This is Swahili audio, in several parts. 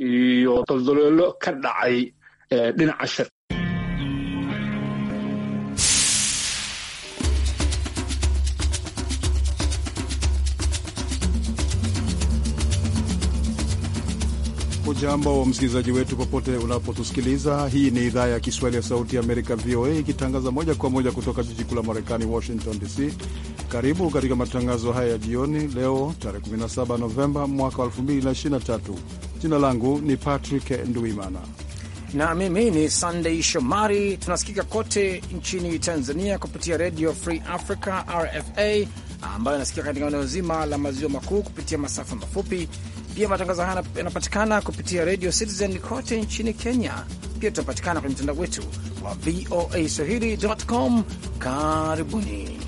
iyo daldaloolo ka dhacay ee, dhinaca shir. Ujambo wa msikilizaji wetu popote unapotusikiliza. Hii ni idhaa ya Kiswahili ya Sauti ya Amerika, VOA, ikitangaza moja kwa moja kutoka jiji kuu la Marekani, Washington DC. Karibu katika matangazo haya ya jioni leo tarehe 17 Novemba mwaka 2023. Jina langu ni Patrick Nduimana na mimi ni Sunday Shomari. Tunasikika kote nchini Tanzania kupitia Radio Free Africa, RFA, ambayo inasikika katika eneo zima la maziwa makuu kupitia masafa mafupi. Pia matangazo haya yanapatikana kupitia Radio Citizen kote nchini Kenya. Pia tunapatikana kwenye mtandao wetu wa VOA Swahili.com. Karibuni.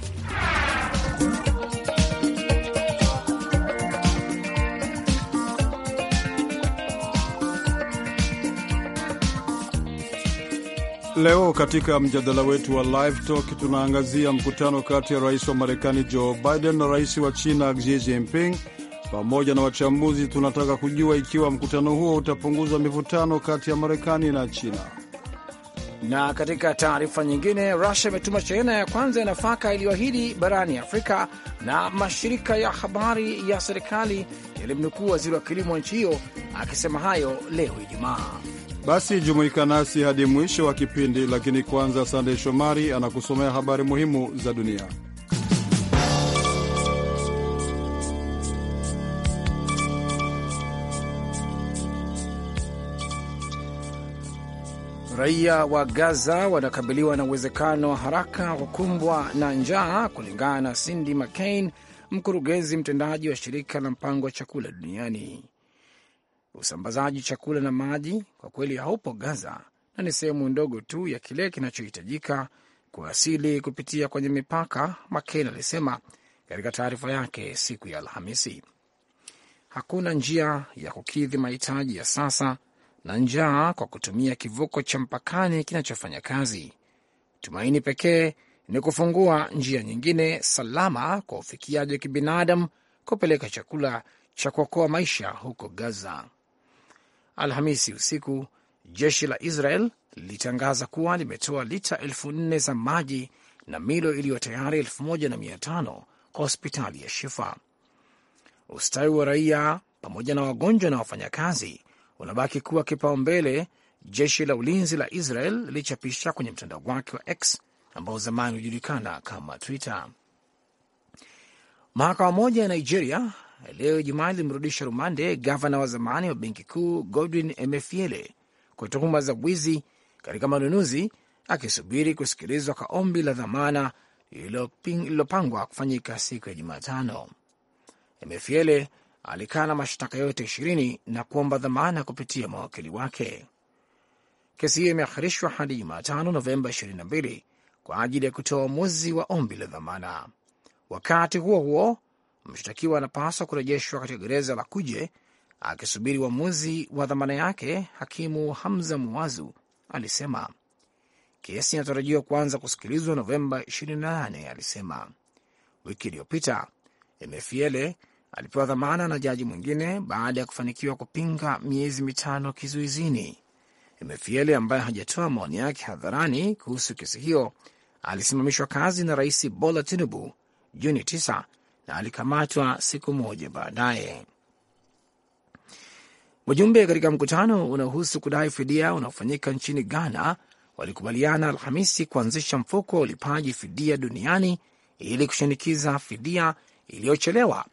Leo katika mjadala wetu wa Live Talk tunaangazia mkutano kati ya rais wa Marekani Joe Biden na rais wa China Xi Jinping. Pamoja na wachambuzi, tunataka kujua ikiwa mkutano huo utapunguza mivutano kati ya Marekani na China. Na katika taarifa nyingine, Rusia imetuma shehena ya kwanza ya nafaka iliyoahidi barani Afrika, na mashirika ya habari ya serikali yalimnukuu waziri wa kilimo wa nchi hiyo akisema hayo leo Ijumaa. Basi jumuika nasi hadi mwisho wa kipindi, lakini kwanza, Sandey Shomari anakusomea habari muhimu za dunia. Raia wa Gaza wanakabiliwa na uwezekano wa haraka wa kukumbwa na njaa kulingana na Cindy McCain, mkurugenzi mtendaji wa shirika la mpango wa chakula duniani usambazaji chakula na maji kwa kweli haupo Gaza na ni sehemu ndogo tu ya kile kinachohitajika kuasili kupitia kwenye mipaka, McCain alisema katika taarifa yake siku ya Alhamisi. Hakuna njia ya kukidhi mahitaji ya sasa na njaa kwa kutumia kivuko cha mpakani kinachofanya kazi. Tumaini pekee ni kufungua njia nyingine salama kwa ufikiaji wa kibinadamu kupeleka chakula cha kuokoa maisha huko Gaza. Alhamisi usiku jeshi la Israel lilitangaza kuwa limetoa lita elfu nne za maji na milo iliyo tayari elfu moja na mia tano kwa hospitali ya Shifa. Ustawi wa raia pamoja na wagonjwa na wafanyakazi unabaki kuwa kipaumbele. Jeshi la ulinzi la Israel lilichapisha kwenye mtandao wake wa X ambao zamani hujulikana kama Twitter. Mahakama moja ya Nigeria leo Ijumaa ilimrudisha rumande gavana wa zamani wa benki kuu Godwin Emefiele kwa tuhuma za wizi katika manunuzi, akisubiri kusikilizwa kwa ombi la dhamana lililopangwa kufanyika siku ya Jumatano. Emefiele alikana mashtaka yote ishirini na kuomba dhamana kupitia mawakili wake. Kesi hiyo imeahirishwa hadi Jumatano, Novemba 22 kwa ajili ya kutoa uamuzi wa ombi la dhamana. Wakati huo huo, mshtakiwa anapaswa kurejeshwa katika gereza la Kuje akisubiri uamuzi wa, dhamana yake. Hakimu Hamza Muwazu alisema kesi inatarajiwa kuanza kusikilizwa Novemba 28. Alisema wiki iliyopita Emefiele alipewa dhamana na jaji mwingine baada ya kufanikiwa kupinga miezi mitano kizuizini. Emefiele ambaye hajatoa maoni yake hadharani kuhusu kesi hiyo alisimamishwa kazi na Rais Bola Tinubu Juni 9 na alikamatwa siku moja baadaye. Wajumbe katika mkutano unaohusu kudai fidia unaofanyika nchini Ghana walikubaliana Alhamisi kuanzisha mfuko wa ulipaji fidia duniani ili kushinikiza fidia iliyochelewa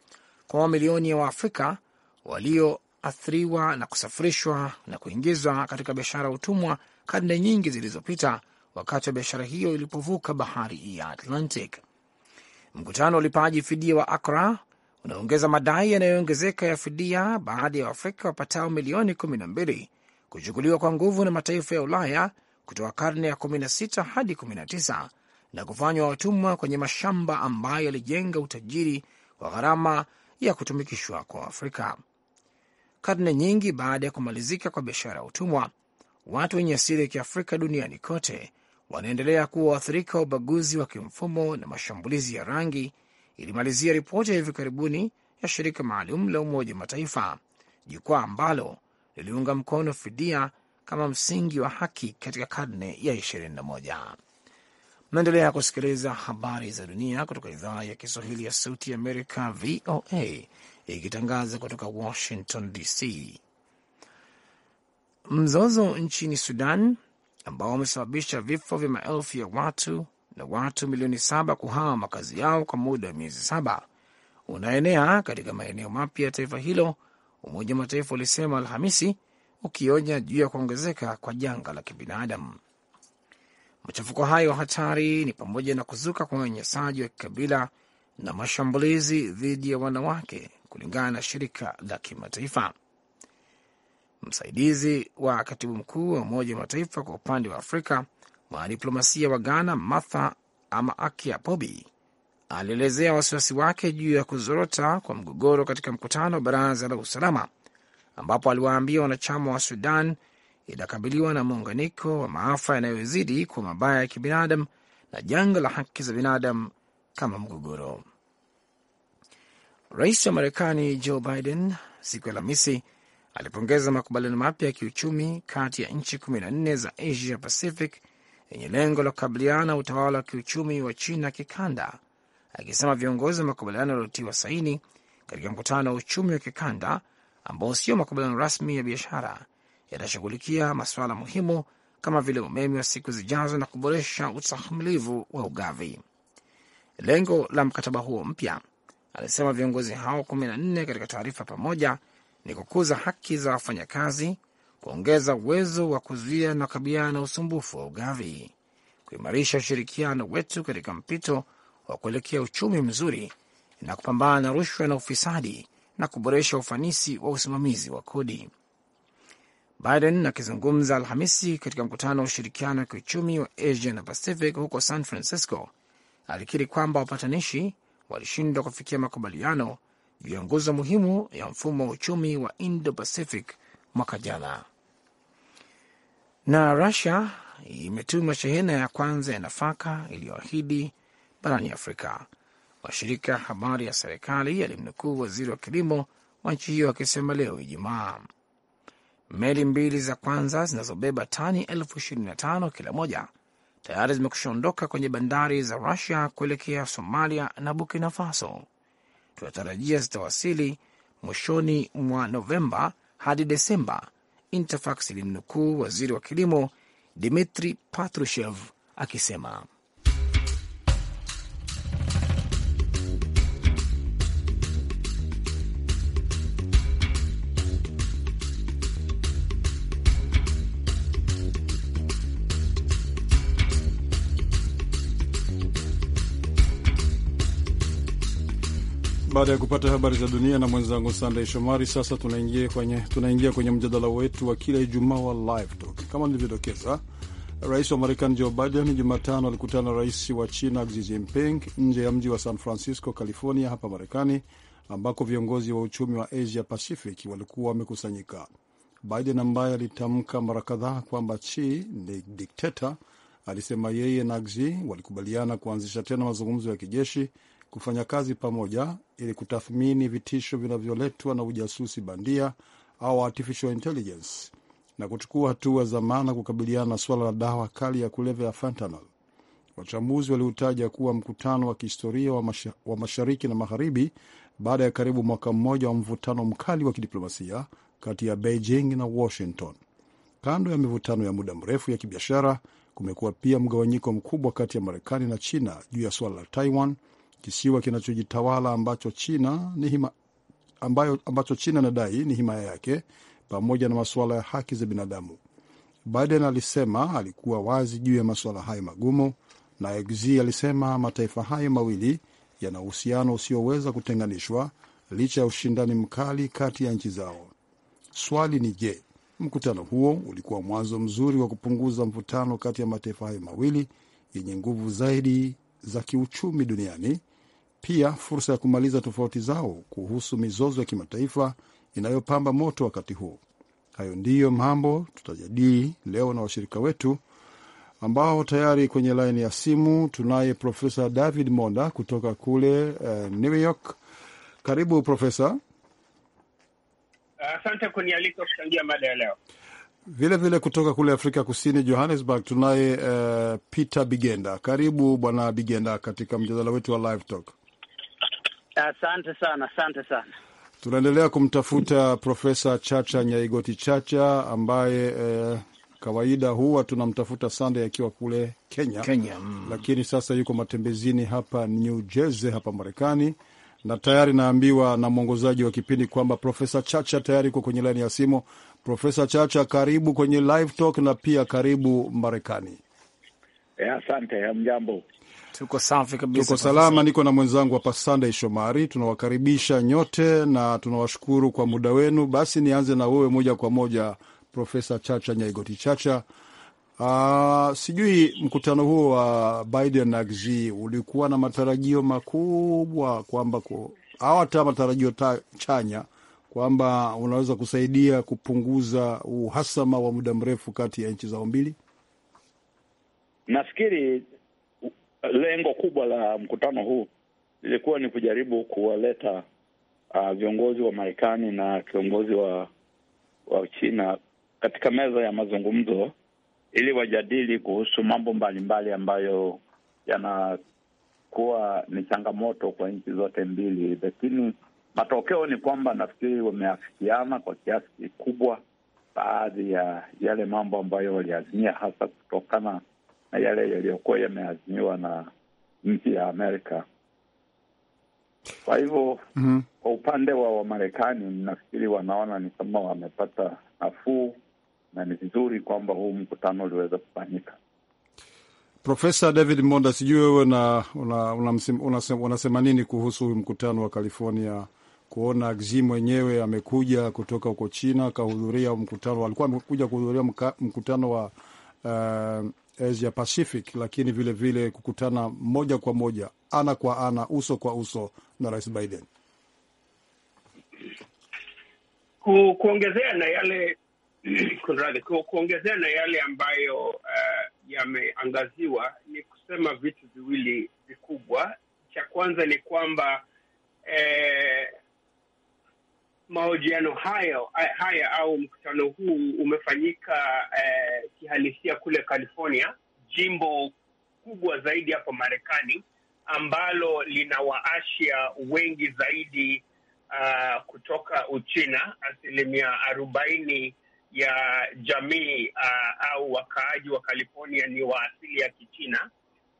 kwa mamilioni ya Waafrika walioathiriwa na kusafirishwa na kuingizwa katika biashara ya utumwa karne nyingi zilizopita, wakati wa biashara hiyo ilipovuka bahari ya Atlantic. Mkutano wa ulipaji fidia wa Akra unaongeza madai yanayoongezeka ya fidia baada ya Waafrika wapatao milioni 12 kuchukuliwa kwa nguvu na mataifa ya Ulaya kutoka karne ya 16 hadi 19 na kufanywa watumwa kwenye mashamba ambayo yalijenga utajiri kwa gharama ya kutumikishwa kwa Afrika. Karne nyingi baada ya kumalizika kwa biashara ya utumwa, watu wenye asili ya Kiafrika duniani kote wanaendelea kuwa waathirika wa ubaguzi wa kimfumo na mashambulizi ya rangi, ilimalizia ripoti ya hivi karibuni ya shirika maalum la Umoja wa Mataifa, jukwaa ambalo liliunga mkono fidia kama msingi wa haki katika karne ya 21. Mnaendelea kusikiliza habari za dunia kutoka idhaa ya Kiswahili ya Sauti ya Amerika, VOA, ikitangaza kutoka Washington DC. Mzozo nchini Sudan ambao wamesababisha vifo vya maelfu ya watu na watu milioni saba kuhama makazi yao kwa muda wa miezi saba unaenea katika maeneo mapya ya taifa hilo, Umoja wa Mataifa ulisema Alhamisi, ukionya juu ya kuongezeka kwa janga la kibinadamu. Machafuko hayo hatari ni pamoja na kuzuka kwa unyanyasaji wa kikabila na mashambulizi dhidi ya wanawake, kulingana na shirika la kimataifa. Msaidizi wa katibu mkuu wa Umoja wa Mataifa kwa upande wa Afrika, mwanadiplomasia wa Ghana Martha ama Akia Pobi alielezea wasiwasi wake juu ya kuzorota kwa mgogoro katika mkutano wa Baraza la Usalama, ambapo aliwaambia wanachama wa Sudan inakabiliwa na muunganiko wa maafa yanayozidi kwa mabaya ya kibinadamu na janga la haki za binadamu kama mgogoro. Rais wa Marekani Joe Biden siku ya Alhamisi alipongeza makubaliano mapya ya kiuchumi kati ya nchi kumi na nne za Asia Pacific yenye lengo la kukabiliana utawala wa kiuchumi wa China kikanda, akisema viongozi wa makubaliano yaliotiwa saini katika mkutano wa uchumi wa kikanda ambao sio makubaliano rasmi ya biashara yatashughulikia masuala muhimu kama vile umeme wa siku zijazo na kuboresha ustahimilivu wa ugavi. Lengo la mkataba huo mpya, alisema viongozi hao nne katika taarifa pamoja, ni kukuza haki za wafanyakazi, kuongeza uwezo wa kuzuia na kukabiliana na usumbufu wa ugavi, kuimarisha ushirikiano wetu katika mpito wa kuelekea uchumi mzuri na kupambana na rushwa na ufisadi na kuboresha ufanisi wa usimamizi wa kodi. Biden akizungumza Alhamisi katika mkutano wa ushirikiano wa kiuchumi wa Asia na Pacific huko San Francisco alikiri kwamba wapatanishi walishindwa kufikia makubaliano juu ya nguzo muhimu ya mfumo wa uchumi wa Indo-Pacific mwaka jana. Na Rusia imetuma shehena ya kwanza ya nafaka iliyoahidi barani Afrika. Mashirika ya habari ya serikali yalimnukuu waziri wa kilimo wa nchi hiyo akisema leo Ijumaa meli mbili za kwanza zinazobeba tani elfu ishirini na tano kila moja tayari zimekushaondoka kwenye bandari za Rusia kuelekea Somalia na Burkina Faso tunatarajia zitawasili mwishoni mwa Novemba hadi Desemba, Interfax ilimnukuu waziri wa kilimo Dmitri Patrushev akisema. Baada ya kupata habari za dunia na mwenzangu Sandey Shomari, sasa tunaingia kwenye, tunaingia kwenye mjadala wetu wa kila Ijumaa wa Live Talk. Kama nilivyodokeza, rais wa Marekani Joe Biden Jumatano alikutana na rais wa China Xi Jinping nje ya mji wa San Francisco, California, hapa Marekani, ambako viongozi wa uchumi wa Asia Pacific walikuwa wamekusanyika. Biden ambaye alitamka mara kadhaa kwamba Xi ni dikteta, alisema yeye na Xi walikubaliana kuanzisha tena mazungumzo ya kijeshi kufanya kazi pamoja ili kutathmini vitisho vinavyoletwa na ujasusi bandia au artificial intelligence na kuchukua hatua za maana kukabiliana na suala la dawa kali ya kulevya ya fentanyl. Wachambuzi waliutaja kuwa mkutano wa kihistoria wa, masha, wa mashariki na magharibi baada ya karibu mwaka mmoja wa mvutano mkali wa kidiplomasia kati ya Beijing na Washington. Kando ya mivutano ya muda mrefu ya kibiashara, kumekuwa pia mgawanyiko mkubwa kati ya Marekani na China juu ya suala la Taiwan kisiwa kinachojitawala ambacho China ni hima, ambayo, ambacho China nadai ni himaya yake pamoja na masuala ya haki za binadamu. Biden alisema alikuwa wazi juu ya masuala hayo magumu, na Xi alisema mataifa hayo mawili yana uhusiano usioweza kutenganishwa licha ya ushindani mkali kati ya nchi zao. Swali ni je, mkutano huo ulikuwa mwanzo mzuri wa kupunguza mvutano kati ya mataifa hayo mawili yenye nguvu zaidi za kiuchumi duniani pia fursa ya kumaliza tofauti zao kuhusu mizozo ya kimataifa inayopamba moto wakati huu. Hayo ndiyo mambo tutajadili leo na washirika wetu ambao tayari kwenye laini ya simu tunaye Profesa David Monda kutoka kule uh, New York. Karibu Profesa. Asante uh, kunialika kuchangia mada ya leo. Vile vile kutoka kule Afrika Kusini, Johannesburg, tunaye uh, Peter Bigenda. Karibu Bwana Bigenda katika mjadala wetu wa Live Talk. Asante sana, asante sana. Tunaendelea kumtafuta Profesa Chacha Nyaigoti Chacha ambaye eh, kawaida huwa tunamtafuta Sunday akiwa kule Kenya, Kenya. Mm. Lakini sasa yuko matembezini hapa New Jersey hapa Marekani, na tayari naambiwa na mwongozaji wa kipindi kwamba Profesa Chacha tayari yuko kwenye laini ya simu. Profesa Chacha, karibu kwenye Live Talk na pia karibu Marekani. Eh, asante. Yeah, hamjambo. Tuko safi kabisa, tuko salama. Niko na mwenzangu hapa Sunday Shomari. Tunawakaribisha nyote na tunawashukuru kwa muda wenu. Basi nianze na wewe moja kwa moja, Profesa Chacha Nyaigoti Chacha. Uh, sijui mkutano huo wa Biden na Xi ulikuwa na matarajio makubwa kwamba au hata matarajio chanya kwamba unaweza kusaidia kupunguza uhasama wa muda mrefu kati ya nchi zao mbili. Nafikiri lengo kubwa la mkutano huu lilikuwa ni kujaribu kuwaleta uh, viongozi wa Marekani na kiongozi wa wa China katika meza ya mazungumzo ili wajadili kuhusu mambo mbalimbali ambayo yanakuwa ni changamoto kwa nchi zote mbili, lakini matokeo ni kwamba nafikiri wameafikiana kwa kiasi kikubwa baadhi ya yale mambo ambayo waliazimia, hasa kutokana na yale yaliyokuwa yameazimiwa na nchi ya Amerika. Kwa hivyo mm -hmm. Kwa upande wa Wamarekani, nafikiri wanaona ni kama wamepata nafuu na ni vizuri kwamba huu mkutano uliweza kufanyika. Profesa David Monda, sijui wewe unasema nini kuhusu huyu mkutano wa California, kuona Xi mwenyewe amekuja kutoka huko China akahudhuria mkutano, alikuwa amekuja kuhudhuria mkutano wa uh, Asia Pacific, lakini vilevile vile kukutana moja kwa moja, ana kwa ana, uso kwa uso na Rais Biden. Ku, kuongezea na yale kunradhi, ku, kuongezea na yale ambayo uh, yameangaziwa ni kusema vitu viwili vikubwa. Cha kwanza ni kwamba eh, mahojiano hayo haya au mkutano huu umefanyika eh, kihalisia kule California, jimbo kubwa zaidi hapa Marekani ambalo lina waasia wengi zaidi uh, kutoka Uchina. Asilimia arobaini ya jamii uh, au wakaaji wa California ni wa asili ya Kichina.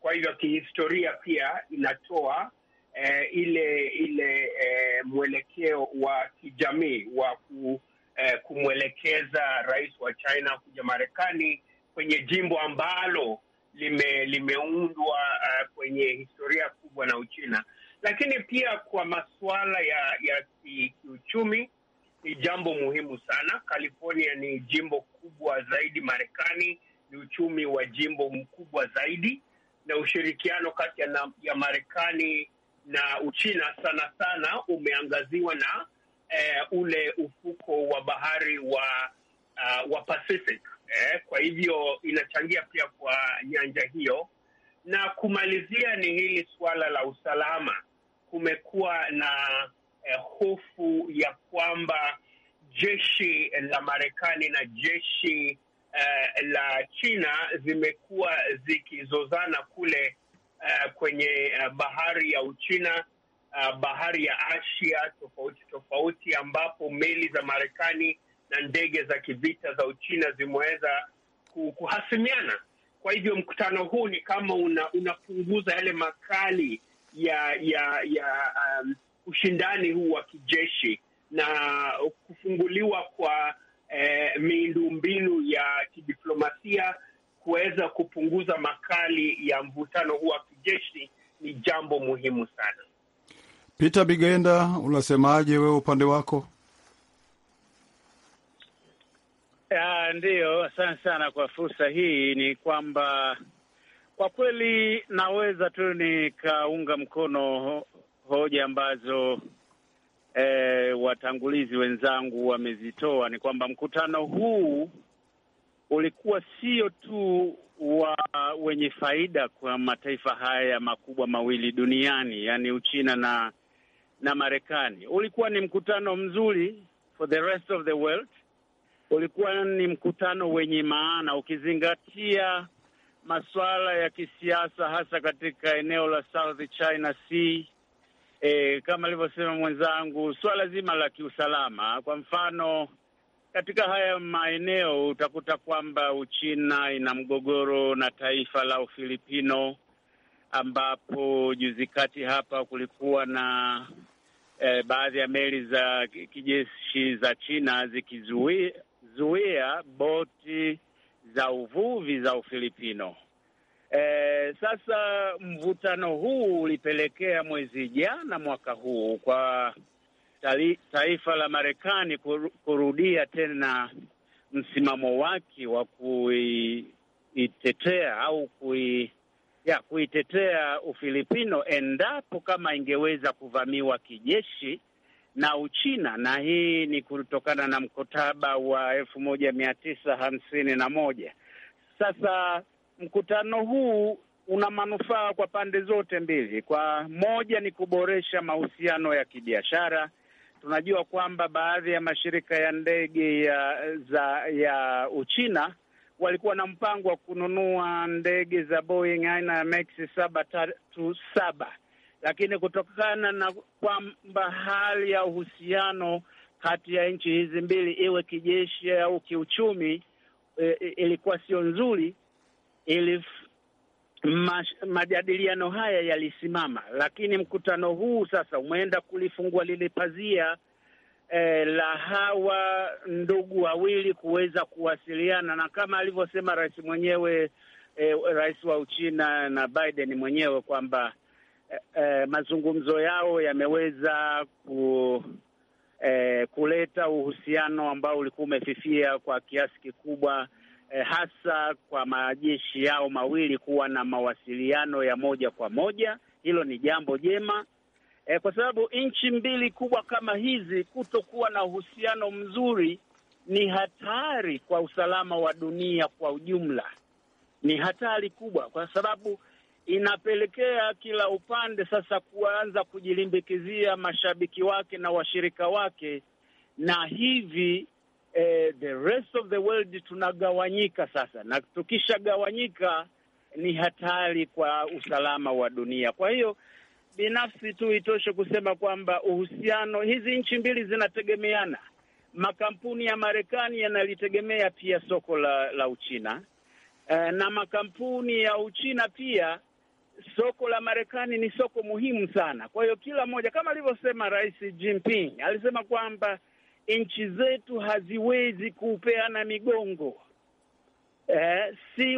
Kwa hivyo kihistoria pia inatoa eh, ile ile eh, mwelekeo wa kijamii wa ku, eh, kumwelekeza rais wa China kuja Marekani kwenye jimbo ambalo lime, limeundwa uh, kwenye historia kubwa na Uchina, lakini pia kwa masuala ya ya kiuchumi ni jambo muhimu sana. California ni jimbo kubwa zaidi Marekani, ni uchumi wa jimbo mkubwa zaidi, na ushirikiano kati ya, ya Marekani na Uchina sana sana umeangaziwa na eh, ule ufuko wa bahari wa uh, wa Pacific eh, kwa hivyo inachangia pia kwa nyanja hiyo. Na kumalizia ni hili suala la usalama. Kumekuwa na eh, hofu ya kwamba jeshi la Marekani na jeshi eh, la China zimekuwa zikizozana kule uh, kwenye uh, bahari ya Uchina uh, bahari ya Asia tofauti tofauti, ambapo meli za Marekani na ndege za kivita za Uchina zimeweza kuhasimiana. Kwa hivyo mkutano huu ni kama una, unapunguza yale makali ya ya ya um, ushindani huu wa kijeshi na kufunguliwa kwa eh, miundombinu ya kidiplomasia kuweza kupunguza makali ya mvutano huu wa kijeshi ni jambo muhimu sana. Peter Bigenda, unasemaje wewe upande wako? ndiyo, asante sana kwa fursa hii. Ni kwamba kwa kweli naweza tu nikaunga mkono hoja ambazo eh, watangulizi wenzangu wamezitoa. Ni kwamba mkutano huu ulikuwa sio tu wa wenye faida kwa mataifa haya makubwa mawili duniani, yaani Uchina na na Marekani. Ulikuwa ni mkutano mzuri for the rest of the world, ulikuwa ni mkutano wenye maana ukizingatia masuala ya kisiasa hasa katika eneo la South China Sea. E, kama alivyosema mwenzangu, suala zima la kiusalama, kwa mfano katika haya maeneo utakuta kwamba Uchina ina mgogoro na taifa la Ufilipino, ambapo juzi kati hapa kulikuwa na eh, baadhi ya meli za kijeshi za China zikizuia boti za uvuvi za Ufilipino. Eh, sasa mvutano huu ulipelekea mwezi jana mwaka huu kwa taifa la Marekani kurudia tena msimamo wake wa kuitetea au kui, ya kuitetea Ufilipino endapo kama ingeweza kuvamiwa kijeshi na Uchina, na hii ni kutokana na mkataba wa elfu moja mia tisa hamsini na moja. Sasa mkutano huu una manufaa kwa pande zote mbili. Kwa moja ni kuboresha mahusiano ya kibiashara Tunajua kwamba baadhi ya mashirika ya ndege ya za ya Uchina walikuwa na mpango wa kununua ndege za Boeing aina ya Max saba tatu saba, lakini kutokana na kwamba hali ya uhusiano kati ya nchi hizi mbili iwe kijeshi au kiuchumi, e, ilikuwa sio nzuri ilif, Mash, majadiliano haya yalisimama, lakini mkutano huu sasa umeenda kulifungua lile pazia eh, la hawa ndugu wawili kuweza kuwasiliana, na kama alivyosema rais mwenyewe eh, rais wa Uchina na Biden mwenyewe kwamba eh, eh mazungumzo yao yameweza ku eh, kuleta uhusiano ambao ulikuwa umefifia kwa kiasi kikubwa eh, hasa kwa majeshi yao mawili kuwa na mawasiliano ya moja kwa moja. Hilo ni jambo jema eh, kwa sababu nchi mbili kubwa kama hizi kutokuwa na uhusiano mzuri ni hatari kwa usalama wa dunia kwa ujumla. Ni hatari kubwa kwa sababu inapelekea kila upande sasa kuanza kujilimbikizia mashabiki wake na washirika wake, na hivi eh, the rest of the world tunagawanyika sasa, na tukishagawanyika ni hatari kwa usalama wa dunia. Kwa hiyo binafsi tu itoshe kusema kwamba uhusiano, hizi nchi mbili zinategemeana. Makampuni ya Marekani yanalitegemea pia soko la, la Uchina eh, na makampuni ya Uchina pia soko la Marekani ni soko muhimu sana. Kwa hiyo kila mmoja, kama alivyosema Rais Jinping, alisema kwamba nchi zetu haziwezi kupeana migongo. Eh, si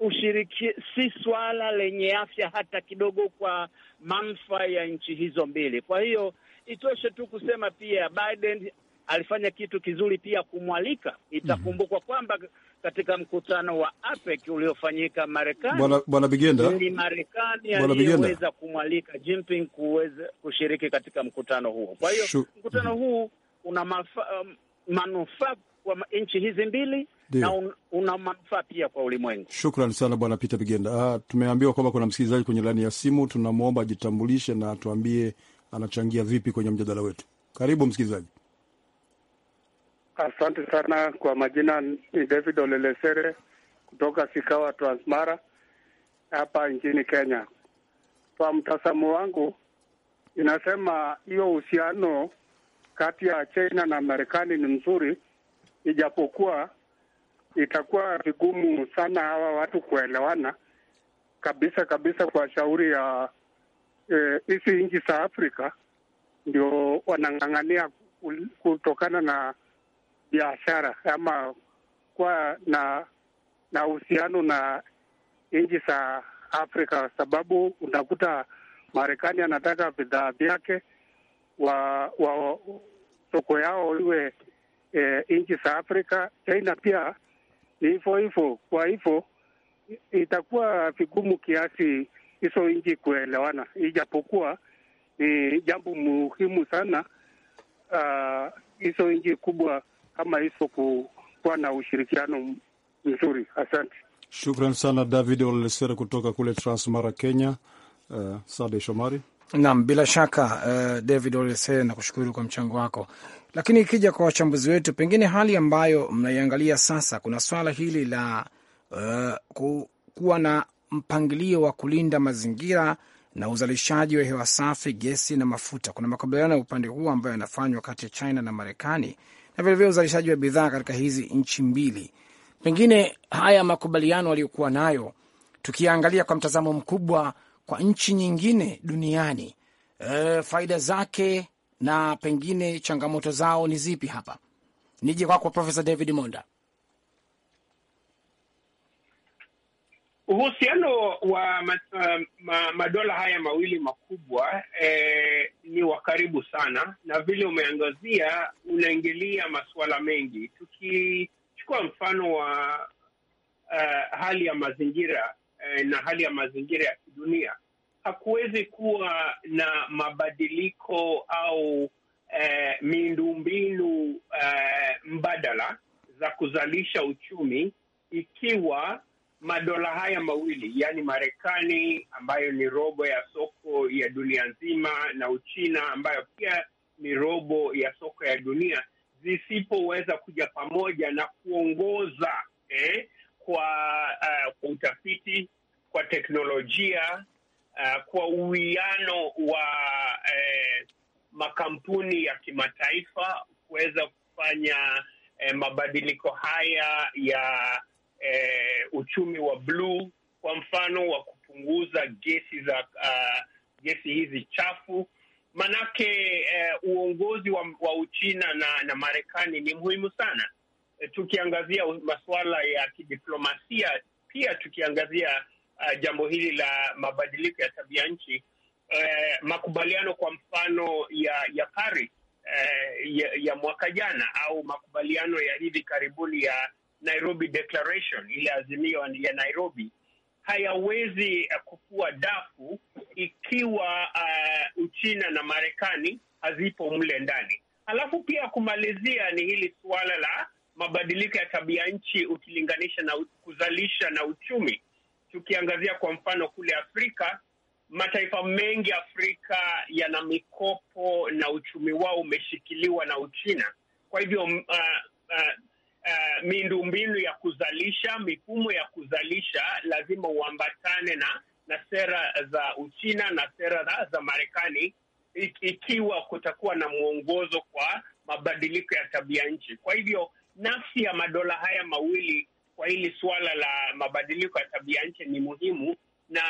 ushiriki, si swala lenye afya hata kidogo kwa manufaa ya nchi hizo mbili. Kwa hiyo itoshe tu kusema pia Biden alifanya kitu kizuri pia kumwalika. Itakumbukwa kwamba katika mkutano wa APEC uliofanyika Marekani, bwana Bigenda, ni Marekani aliyeweza kumwalika Jinping kuweza kushiriki katika mkutano huo. Kwa hiyo mkutano huu una um, manufaa kwa nchi hizi mbili Dio. na un, una manufaa pia kwa ulimwengu. Shukran sana Bwana Peter Bigenda. Ah, tumeambiwa kwamba kuna msikilizaji kwenye laini ya simu, tunamwomba ajitambulishe na atuambie anachangia vipi kwenye mjadala wetu. Karibu msikilizaji. Asante sana kwa majina, ni David Olelesere kutoka Sikawa, Transmara hapa nchini Kenya. Kwa mtazamo wangu, inasema hiyo uhusiano kati ya China na Marekani ni mzuri, ijapokuwa itakuwa vigumu sana hawa watu kuelewana kabisa kabisa kwa shauri ya eh, hizi e, nchi za Afrika ndio wanang'ang'ania kutokana na biashara ama kuwa na na uhusiano na nchi za Afrika, sababu unakuta Marekani anataka bidhaa vyake wa, wa soko yao iwe e, eh, nchi za Afrika. China pia ni hivyo hivyo. Kwa hivyo itakuwa vigumu kiasi hizo nchi kuelewana, ijapokuwa ni jambo muhimu sana ah, hizo uh, nchi kubwa kama hizo kuwa na ushirikiano mzuri. Asante, shukran sana David Olesere kutoka kule Transmara, Kenya. Uh, eh, Sade Shomari. Naam, bila shaka uh, David Olese, nakushukuru kwa mchango wako, lakini ikija kwa wachambuzi wetu, pengine hali ambayo mnaiangalia sasa, kuna swala hili la uh, kuwa na mpangilio wa kulinda mazingira na uzalishaji wa hewa safi, gesi na mafuta. Kuna makubaliano ya upande huu ambayo yanafanywa kati ya China na Marekani na vilevile uzalishaji wa bidhaa katika hizi nchi mbili. Pengine haya makubaliano aliyokuwa nayo tukiangalia kwa mtazamo mkubwa kwa nchi nyingine duniani, e, faida zake na pengine changamoto zao ni zipi? Hapa nije kwako Profesa David Monda. Uhusiano wa ma, ma, madola haya mawili makubwa eh, ni wa karibu sana, na vile umeangazia unaingilia masuala mengi. Tukichukua mfano wa uh, hali ya mazingira eh, na hali ya mazingira ya kidunia, hakuwezi kuwa na mabadiliko au eh, miundombinu eh, mbadala za kuzalisha uchumi ikiwa madola haya mawili yaani Marekani ambayo ni robo ya soko ya dunia nzima na Uchina ambayo pia ni robo ya soko ya dunia zisipoweza kuja pamoja na kuongoza eh, kwa uh, utafiti, kwa teknolojia uh, kwa uwiano wa uh, makampuni ya kimataifa kuweza kufanya uh, mabadiliko haya ya uh, uchumi wa bluu, kwa mfano wa kupunguza gesi za uh, gesi hizi chafu manake uh, uongozi wa, wa Uchina na, na Marekani ni muhimu sana tukiangazia masuala ya kidiplomasia, pia tukiangazia uh, jambo hili la mabadiliko ya tabia nchi uh, makubaliano kwa mfano ya ya Paris uh, ya, ya mwaka jana au makubaliano ya hivi karibuni ya Nairobi Declaration, ile azimio ya Nairobi hayawezi kufua dafu ikiwa uh, Uchina na Marekani hazipo mle ndani. Alafu pia kumalizia ni hili suala la mabadiliko ya tabia nchi ukilinganisha na kuzalisha na uchumi. Tukiangazia kwa mfano kule Afrika, mataifa mengi Afrika yana mikopo na uchumi wao umeshikiliwa na Uchina. Kwa hivyo mm, uh, uh, uh, mbinu ya kuzalisha, mifumo ya kuzalisha lazima uambatane na na sera za Uchina na sera za, za Marekani ikiwa kutakuwa na mwongozo kwa mabadiliko ya tabia nchi. Kwa hivyo nafsi ya madola haya mawili kwa hili suala la mabadiliko ya tabia nchi ni muhimu, na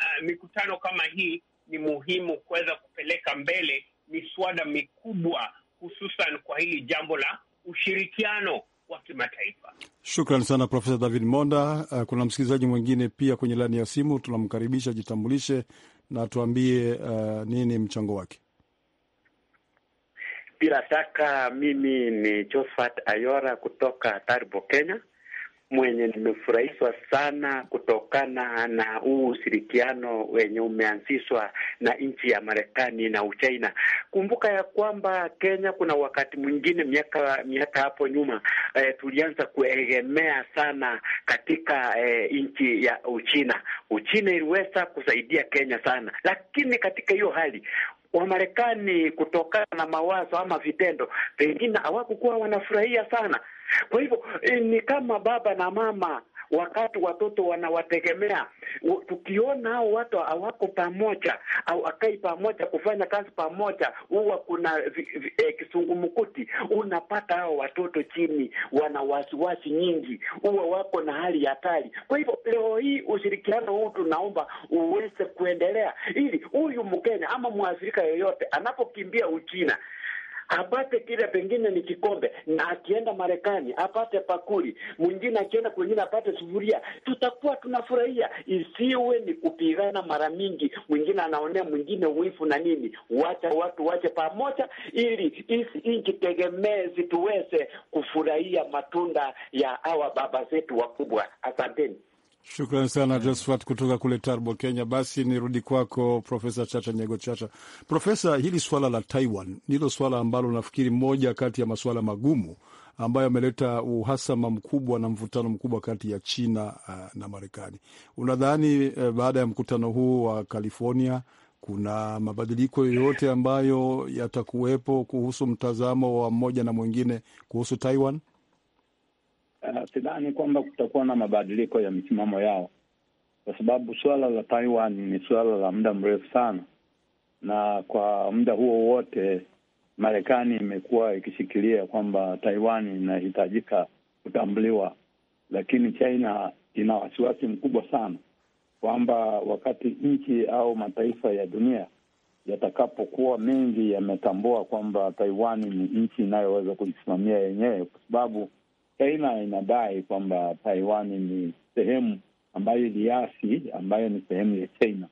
uh, mikutano kama hii ni muhimu kuweza kupeleka mbele miswada mikubwa, hususan kwa hili jambo la ushirikiano wa kimataifa. Shukran sana Profesa David Monda. Uh, kuna msikilizaji mwingine pia kwenye laini ya simu, tunamkaribisha ajitambulishe na tuambie uh, nini mchango wake. Bila shaka mimi ni Josephat Ayora kutoka Taribo, Kenya, mwenye nimefurahishwa sana kutokana na huu ushirikiano wenye umeanzishwa na nchi ya Marekani na Uchina. Kumbuka ya kwamba Kenya kuna wakati mwingine miaka miaka hapo nyuma eh, tulianza kuegemea sana katika eh, nchi ya Uchina. Uchina iliweza kusaidia Kenya sana, lakini katika hiyo hali Wamarekani kutokana na mawazo ama vitendo, pengine hawakukuwa wanafurahia sana. Kwa hivyo eh, ni kama baba na mama wakati watoto wanawategemea. Tukiona hao watu hawako pamoja au akai pamoja kufanya kazi pamoja, huwa kuna eh, kisungumukuti. Unapata hao watoto chini, wana wasiwasi nyingi, huwa wako na hali hatari. Kwa hivyo leo hii ushirikiano huu tunaomba uweze kuendelea, ili huyu Mkenya ama Mwafrika yoyote anapokimbia Uchina apate kile pengine ni kikombe, na akienda Marekani apate pakuli, mwingine akienda kwengine apate sufuria, tutakuwa tunafurahia. Isiwe ni kupigana mara mingi, mwingine anaonea mwingine wifu na nini. Wacha watu wache pamoja, ili isi nchi tegemezi tuweze kufurahia matunda ya hawa baba zetu wakubwa. Asanteni. Shukran sana Josephat kutoka kule Tarbo, Kenya. Basi nirudi kwako Profesa Chacha Nyego Chacha. Profesa, hili swala la Taiwan ndilo swala ambalo nafikiri moja kati ya masuala magumu ambayo ameleta uhasama mkubwa na mvutano mkubwa kati ya China uh, na Marekani. Unadhani uh, baada ya mkutano huu wa California kuna mabadiliko yoyote ambayo yatakuwepo kuhusu mtazamo wa mmoja na mwingine kuhusu Taiwan? uh, sidhani kwamba kutakuwa na mabadiliko ya misimamo yao, kwa sababu suala la Taiwan ni suala la muda mrefu sana, na kwa muda huo wote Marekani imekuwa ikishikilia kwamba Taiwan inahitajika kutambuliwa, lakini China ina wasiwasi mkubwa sana kwamba wakati nchi au mataifa ya dunia yatakapokuwa mengi yametambua kwamba Taiwan ni nchi inayoweza kujisimamia yenyewe, kwa sababu China inadai kwamba Taiwan ni sehemu ambayo iliasi, ambayo ni sehemu ya China,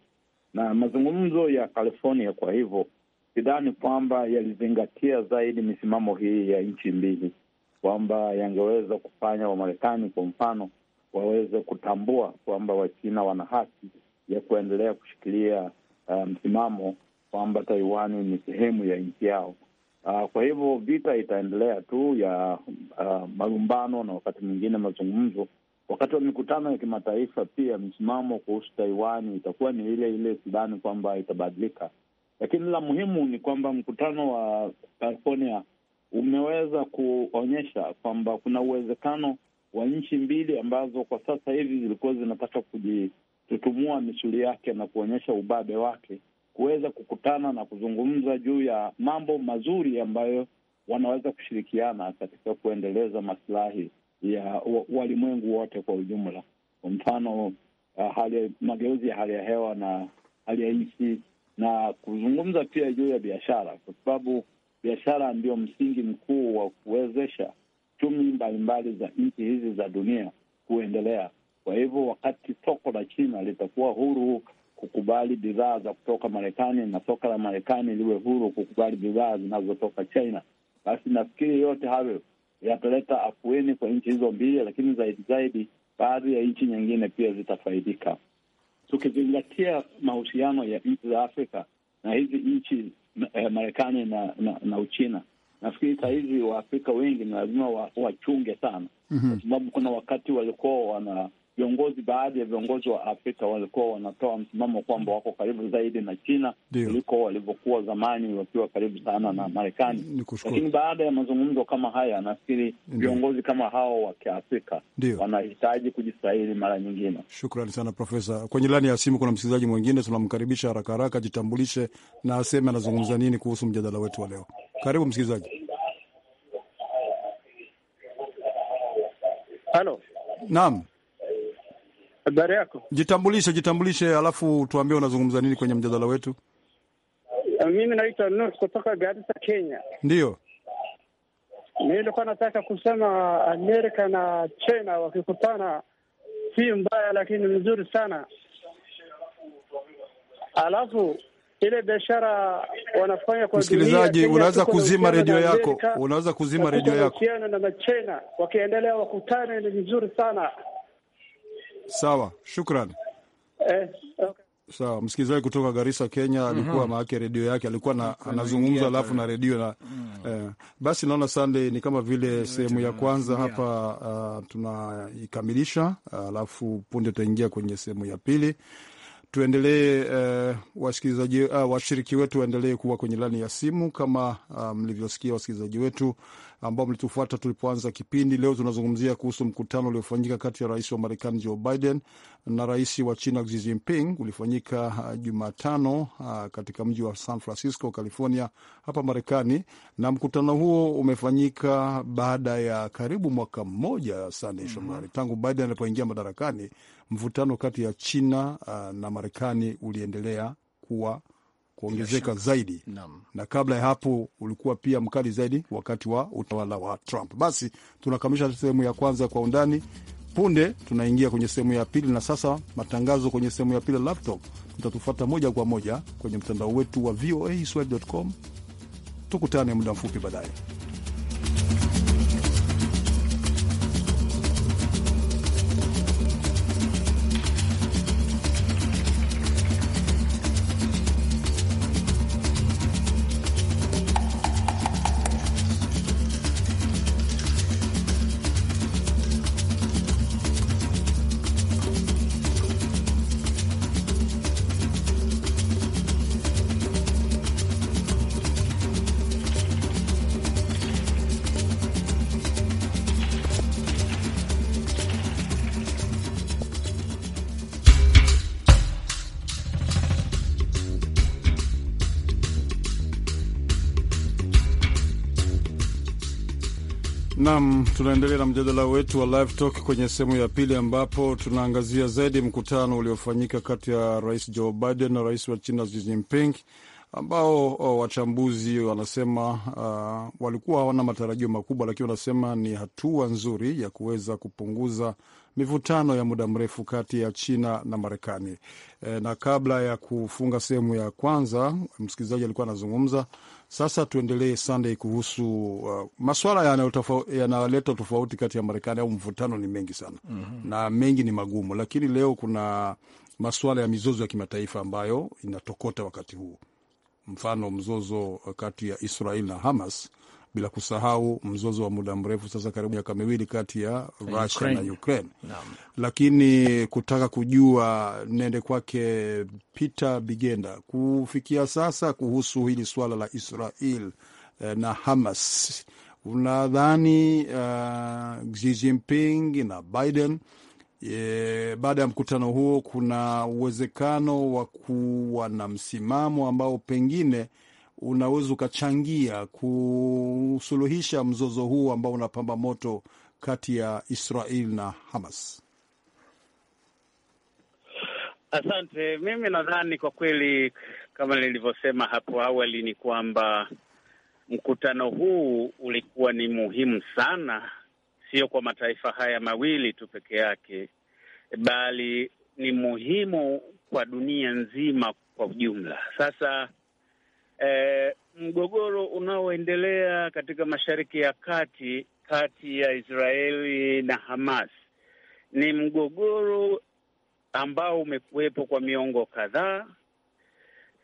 na mazungumzo ya California kwa hivyo sidhani kwamba yalizingatia zaidi misimamo hii ya nchi mbili, kwamba yangeweza kufanya Wamarekani kwa mfano waweze kutambua kwamba Wachina wana haki ya kuendelea kushikilia uh, msimamo um, kwamba Taiwan ni sehemu ya nchi yao. Uh, kwa hivyo vita itaendelea tu ya uh, malumbano na wakati mwingine mazungumzo. Wakati wa mikutano ya kimataifa pia msimamo kuhusu Taiwani itakuwa ni ile ile, sidhani kwamba itabadilika, lakini la muhimu ni kwamba mkutano wa California umeweza kuonyesha kwamba kuna uwezekano wa nchi mbili ambazo kwa sasa hivi zilikuwa zinataka kujitutumua misuli yake na kuonyesha ubabe wake kuweza kukutana na kuzungumza juu ya mambo mazuri ambayo wanaweza kushirikiana katika kuendeleza masilahi ya walimwengu wote kwa ujumla. Kwa mfano uh, hali, mageuzi ya hali ya hewa na hali ya nchi na kuzungumza pia juu ya biashara, kwa sababu biashara ndio msingi mkuu wa kuwezesha chumi mbalimbali za nchi hizi za dunia kuendelea. Kwa hivyo wakati soko la China litakuwa huru kukubali bidhaa za kutoka Marekani na soka la Marekani liwe huru kukubali bidhaa zinazotoka China, basi nafikiri yote hayo yataleta afueni kwa nchi hizo mbili, lakini zaidi zaidi baadhi ya nchi nyingine pia zitafaidika, tukizingatia mahusiano ya nchi za Afrika na hizi nchi eh, Marekani na, na, na Uchina. Nafikiri saa hizi Waafrika wengi ni lazima wachunge wa sana, mhm. kwa mm -hmm. sababu kuna wakati walikuwa wana viongozi, baadhi ya viongozi wa Afrika walikuwa wanatoa msimamo kwamba wako karibu zaidi na China kuliko walivyokuwa zamani wakiwa karibu sana na Marekani. Lakini baada ya mazungumzo kama haya, nafikiri viongozi kama hao wa Kiafrika wanahitaji kujistahili mara nyingine. Shukrani sana Profesa. Kwenye laini ya simu kuna msikilizaji mwingine, tunamkaribisha haraka haraka, ajitambulishe na aseme anazungumza nini kuhusu mjadala wetu wa leo. Karibu msikilizaji. Halo, naam. Habari yako? Jitambulishe, jitambulishe alafu tuambie unazungumza nini kwenye mjadala wetu. Uh, mimi naitwa Nur kutoka Garissa, Kenya. Ndiyo, nilikuwa nataka kusema Amerika na China wakikutana si mbaya, lakini mzuri sana. Alafu ile biashara wanafanya kwa msikilizaji, unaweza kuzima redio yako, unaweza kuzima redio yako. Na China wakiendelea wakutane, ni mzuri sana. Sawa, shukran. Eh, okay. Sawa, msikilizaji kutoka Garissa, Kenya mhm. alikuwa mm -hmm. maake redio yake alikuwa na, anazungumza alafu na redio na mm -hmm. eh, basi naona Sunday ni kama vile sehemu ya kwanza hapa uh, tunaikamilisha alafu uh, punde tutaingia kwenye sehemu ya pili. Tuendelee uh, wasikilizaji uh, washiriki wetu waendelee kuwa kwenye lani ya simu kama ah, mlivyosikia um, wasikilizaji wetu ambao mlitufuata tulipoanza kipindi. Leo tunazungumzia kuhusu mkutano uliofanyika kati ya rais wa Marekani Joe Biden na rais wa China Xi Jinping. Ulifanyika uh, Jumatano uh, katika mji wa San Francisco, California, hapa Marekani, na mkutano huo umefanyika baada ya karibu mwaka mmoja, Sandey mhm. Shomari, tangu Biden alipoingia madarakani. Mvutano kati ya China uh, na Marekani uliendelea kuwa kuongezeka zaidi na, na kabla ya hapo ulikuwa pia mkali zaidi wakati wa utawala wa Trump. Basi tunakamilisha sehemu ya kwanza kwa undani. Punde tunaingia kwenye sehemu ya pili, na sasa matangazo kwenye sehemu ya pili ya laptop tutatufata moja kwa moja kwenye mtandao wetu wa voa Tukutane muda mfupi baadaye. Nam, tunaendelea na mjadala wetu wa Live Talk kwenye sehemu ya pili, ambapo tunaangazia zaidi mkutano uliofanyika kati ya Rais Joe Biden na rais wa China Xi Jinping ambao o, wachambuzi wanasema uh, walikuwa hawana matarajio makubwa, lakini wanasema ni hatua nzuri ya kuweza kupunguza mivutano ya muda mrefu kati ya China na Marekani. E, na kabla ya kufunga sehemu ya kwanza, msikilizaji alikuwa anazungumza sasa tuendelee Sunday kuhusu uh, maswala yanaleta tofauti kati ya Marekani au mvutano ni mengi sana mm -hmm. na mengi ni magumu, lakini leo kuna maswala ya mizozo ya kimataifa ambayo inatokota wakati huu, mfano mzozo kati ya Israel na Hamas bila kusahau mzozo wa muda mrefu sasa karibu miaka miwili kati ya Rusia na Ukraine no. Lakini kutaka kujua nende kwake Peter Bigenda kufikia sasa kuhusu hili swala la Israel eh, na Hamas, unadhani uh, Xi Jinping na Biden E, baada ya mkutano huo kuna uwezekano wa kuwa na msimamo ambao pengine unaweza ukachangia kusuluhisha mzozo huu ambao unapamba moto kati ya Israel na Hamas? Asante. Mimi nadhani kwa kweli, kama nilivyosema hapo awali, ni kwamba mkutano huu ulikuwa ni muhimu sana, sio kwa mataifa haya mawili tu peke yake, bali ni muhimu kwa dunia nzima kwa ujumla. Sasa eh, mgogoro unaoendelea katika Mashariki ya Kati kati ya Israeli na Hamas ni mgogoro ambao umekuwepo kwa miongo kadhaa,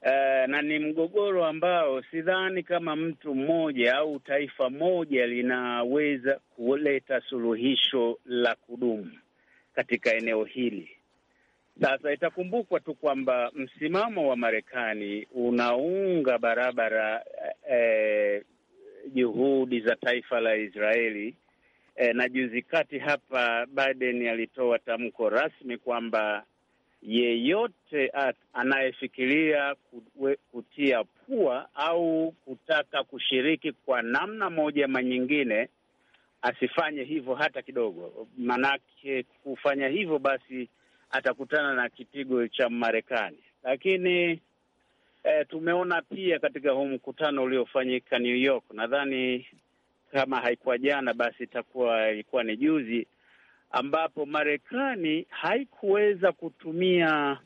eh, na ni mgogoro ambao sidhani kama mtu mmoja au taifa moja linaweza kuleta suluhisho la kudumu katika eneo hili. Sasa itakumbukwa tu kwamba msimamo wa Marekani unaunga barabara eh, eh, juhudi za taifa la Israeli eh, na juzi kati hapa Biden alitoa tamko rasmi kwamba yeyote anayefikiria kutia pua au kutaka kushiriki kwa namna moja ama nyingine asifanye hivyo hata kidogo, manake kufanya hivyo basi atakutana na kipigo cha Marekani. Lakini e, tumeona pia katika huu mkutano uliofanyika New York, nadhani kama haikuwa jana, basi itakuwa ilikuwa ni juzi, ambapo Marekani haikuweza kutumia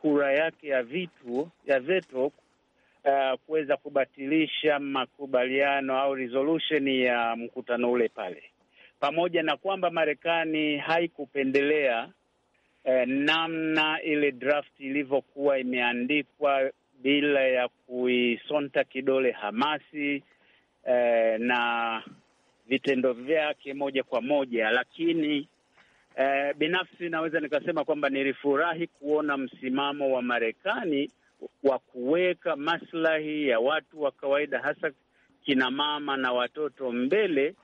kura yake ya vitu ya veto uh, kuweza kubatilisha makubaliano au resolution ya mkutano ule pale, pamoja na kwamba Marekani haikupendelea eh, namna ile draft ilivyokuwa imeandikwa bila ya kuisonta kidole Hamasi eh, na vitendo vyake moja kwa moja, lakini eh, binafsi naweza nikasema kwamba nilifurahi kuona msimamo wa Marekani wa kuweka maslahi ya watu wa kawaida, hasa kina mama na watoto mbele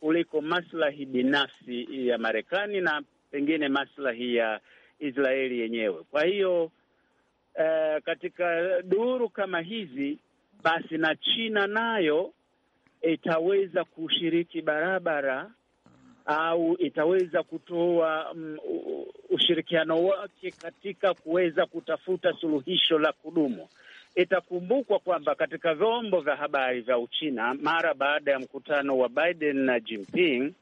kuliko maslahi binafsi ya Marekani na pengine maslahi ya Israeli yenyewe. Kwa hiyo uh, katika duru kama hizi basi na China nayo itaweza kushiriki barabara au itaweza kutoa um, ushirikiano wake katika kuweza kutafuta suluhisho la kudumu. Itakumbukwa kwamba katika vyombo vya habari vya Uchina mara baada ya mkutano wa Biden na Jinping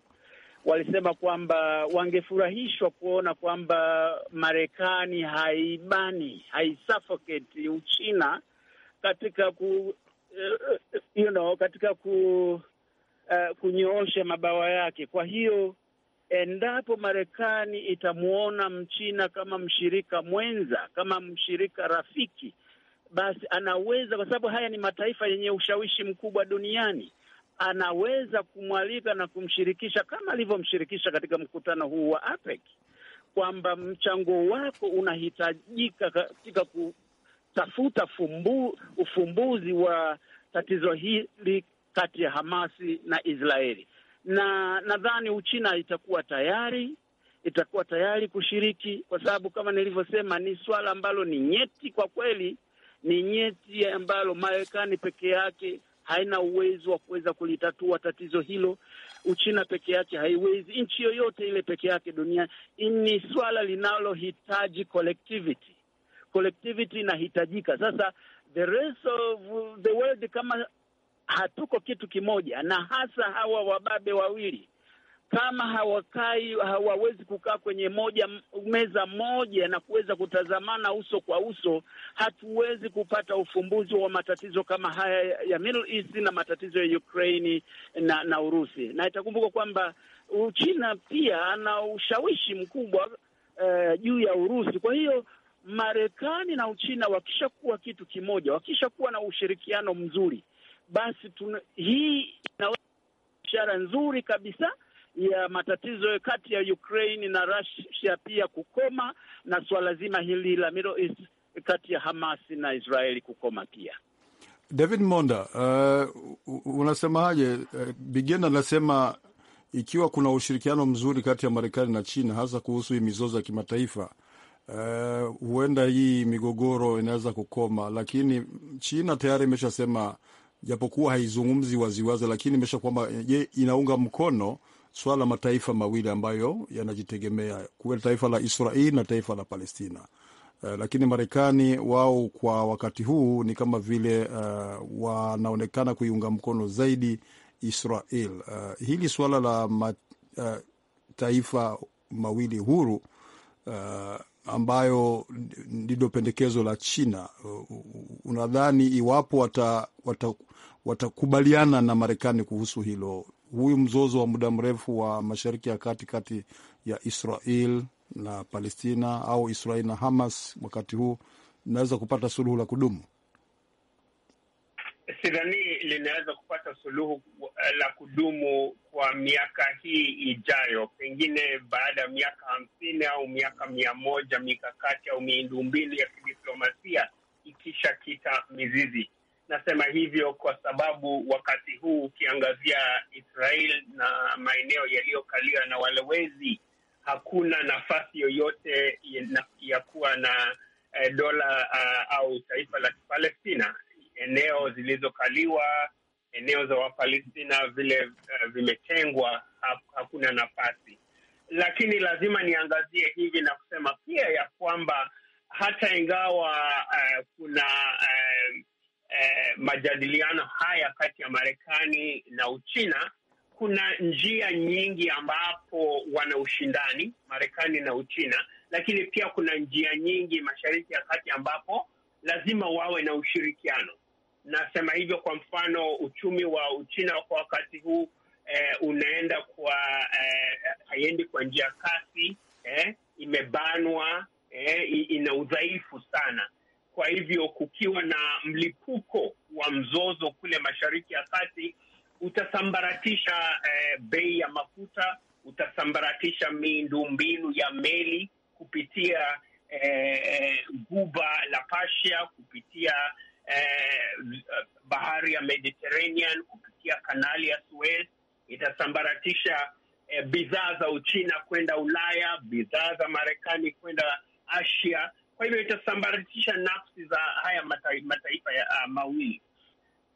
walisema kwamba wangefurahishwa kuona kwamba Marekani haibani haisuffocate Uchina katika ku eh, you know, katika ku uh, kunyoosha mabawa yake. Kwa hiyo endapo Marekani itamwona Mchina kama mshirika mwenza, kama mshirika rafiki, basi anaweza, kwa sababu haya ni mataifa yenye ushawishi mkubwa duniani anaweza kumwalika na kumshirikisha kama alivyomshirikisha katika mkutano huu wa APEC kwamba mchango wako unahitajika katika kutafuta fumbu, ufumbuzi wa tatizo hili kati ya Hamasi na Israeli, na nadhani Uchina itakuwa tayari itakuwa tayari kushiriki kwa sababu kama nilivyosema, ni swala ambalo ni nyeti kwa kweli, ni nyeti ambalo Marekani peke yake haina uwezo wa kuweza kulitatua tatizo hilo. Uchina peke yake haiwezi, nchi yoyote ile peke yake duniani. Ni swala linalohitaji collectivity, collectivity inahitajika. Sasa the rest of the world, kama hatuko kitu kimoja, na hasa hawa wababe wawili kama hawakai hawawezi kukaa kwenye moja meza moja na kuweza kutazamana uso kwa uso, hatuwezi kupata ufumbuzi wa matatizo kama haya ya Middle East na matatizo ya Ukraini na, na Urusi. Na itakumbuka kwamba Uchina pia ana ushawishi mkubwa uh, juu ya Urusi. Kwa hiyo Marekani na Uchina wakishakuwa kitu kimoja, wakishakuwa na ushirikiano mzuri, basi tuna, hii inaweza ishara nzuri kabisa ya matatizo kati ya Ukraine na Russia pia kukoma na swala zima hili la Middle East kati ya Hamasi na Israeli kukoma pia. David Monda, uh, unasemaje? Uh, Bigenda anasema ikiwa kuna ushirikiano mzuri kati ya Marekani na China hasa kuhusu hii mizozo ya kimataifa uh, huenda hii migogoro inaweza kukoma, lakini China tayari imeshasema japokuwa haizungumzi waziwazi, lakini imesha kwamba je, inaunga mkono swala la mataifa mawili ambayo yanajitegemea kuwe taifa la Israel na taifa la Palestina. Uh, lakini Marekani wao kwa wakati huu ni kama vile uh, wanaonekana kuiunga mkono zaidi Israel. Uh, hili suala la mataifa uh, mawili huru uh, ambayo ndilo pendekezo la China, unadhani iwapo watakubaliana wata, wata na Marekani kuhusu hilo huyu mzozo wa muda mrefu wa Mashariki ya Kati kati ya Israel na Palestina au Israel na Hamas wakati huu inaweza kupata suluhu la kudumu? Sidhani linaweza kupata suluhu eh, la kudumu kwa miaka hii ijayo, pengine baada ya miaka hamsini au miaka mia moja mikakati au miundombinu ya kidiplomasia ikisha kita mizizi. Nasema hivyo kwa sababu wakati huu ukiangazia Israel na maeneo yaliyokaliwa na walowezi, hakuna nafasi yoyote ya kuwa na eh, dola uh, au taifa la Kipalestina. Eneo zilizokaliwa, eneo za Wapalestina vile uh, vimetengwa, hakuna nafasi. Lakini lazima niangazie hivi na kusema pia ya kwamba hata ingawa uh, kuna uh, eh, majadiliano haya kati ya Marekani na Uchina, kuna njia nyingi ambapo wana ushindani Marekani na Uchina, lakini pia kuna njia nyingi Mashariki ya Kati ambapo lazima wawe na ushirikiano. Nasema hivyo kwa mfano, uchumi wa Uchina kwa wakati huu eh, unaenda kwa eh, haiendi kwa njia kasi eh, imebanwa eh, ina udhaifu sana kwa hivyo kukiwa na mlipuko wa mzozo kule Mashariki ya Kati utasambaratisha eh, bei ya mafuta, utasambaratisha mbinu ya meli kupitia eh, guba la pasia kupitia eh, bahari ya Mediterranean, kupitia kanali ya Suez, itasambaratisha eh, bidhaa za Uchina kwenda Ulaya, bidhaa za Marekani kwenda Asia kwa hivyo itasambaratisha nafsi za haya mataifa ya uh, mawili.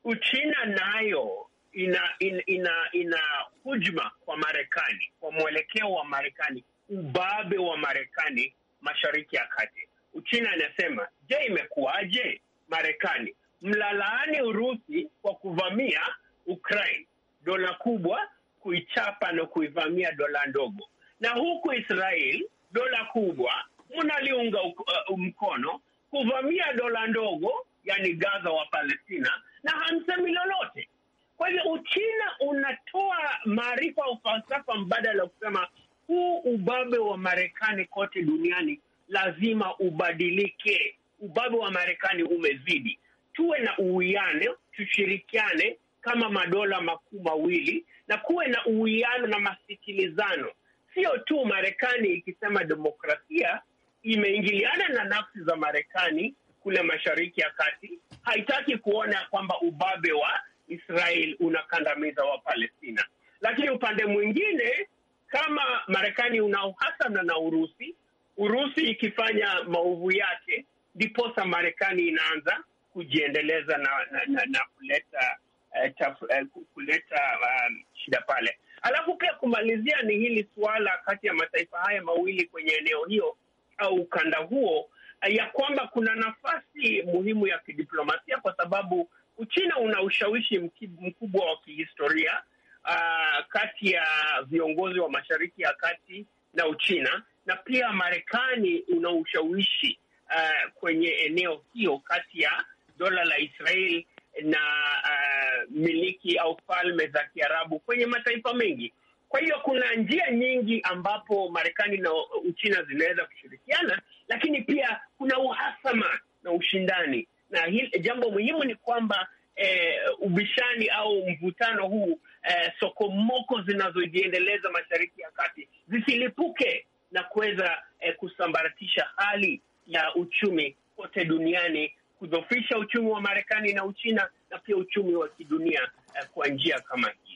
Uchina nayo ina ina, ina, ina hujuma kwa Marekani, kwa mwelekeo wa Marekani, ubabe wa Marekani mashariki ya kati. Uchina anasema je, imekuwaje Marekani mlalaani Urusi kwa kuvamia Ukraine, dola kubwa kuichapa na kuivamia dola ndogo, na huku Israel dola kubwa mnaliunga uh, mkono kuvamia dola ndogo, yani Gaza wa Palestina, na hamsemi lolote. Kwa hivyo Uchina unatoa maarifa au falsafa mbadala ya kusema huu ubabe wa Marekani kote duniani lazima ubadilike. Ubabe wa Marekani umezidi, tuwe na uwiano, tushirikiane kama madola makuu mawili na kuwe na uwiano na masikilizano, sio tu Marekani ikisema demokrasia imeingiliana na nafsi za Marekani kule mashariki ya kati, haitaki kuona kwamba ubabe wa Israel unakandamiza wa Palestina. Lakini upande mwingine, kama Marekani una uhasama na Urusi, Urusi ikifanya maovu yake, ndiposa Marekani inaanza kujiendeleza na, na, na, na kuleta eh, taf, eh, kuleta um, shida pale. Alafu pia kumalizia ni hili suala kati ya mataifa haya mawili kwenye eneo hiyo au ukanda huo eh, ya kwamba kuna nafasi muhimu ya kidiplomasia kwa sababu Uchina una ushawishi mkubwa wa kihistoria uh, kati ya viongozi wa Mashariki ya Kati na Uchina na pia Marekani una ushawishi uh, kwenye eneo hiyo kati ya dola la Israel na uh, miliki au falme za Kiarabu kwenye mataifa mengi. Kwa hiyo kuna njia nyingi ambapo Marekani na Uchina zinaweza kushirikiana, lakini pia kuna uhasama na ushindani, na hili, jambo muhimu ni kwamba eh, ubishani au mvutano huu eh, sokomoko zinazojiendeleza Mashariki ya Kati zisilipuke na kuweza eh, kusambaratisha hali ya uchumi kote duniani, kudhofisha uchumi wa Marekani na Uchina na pia uchumi wa kidunia eh, kwa njia kama hii.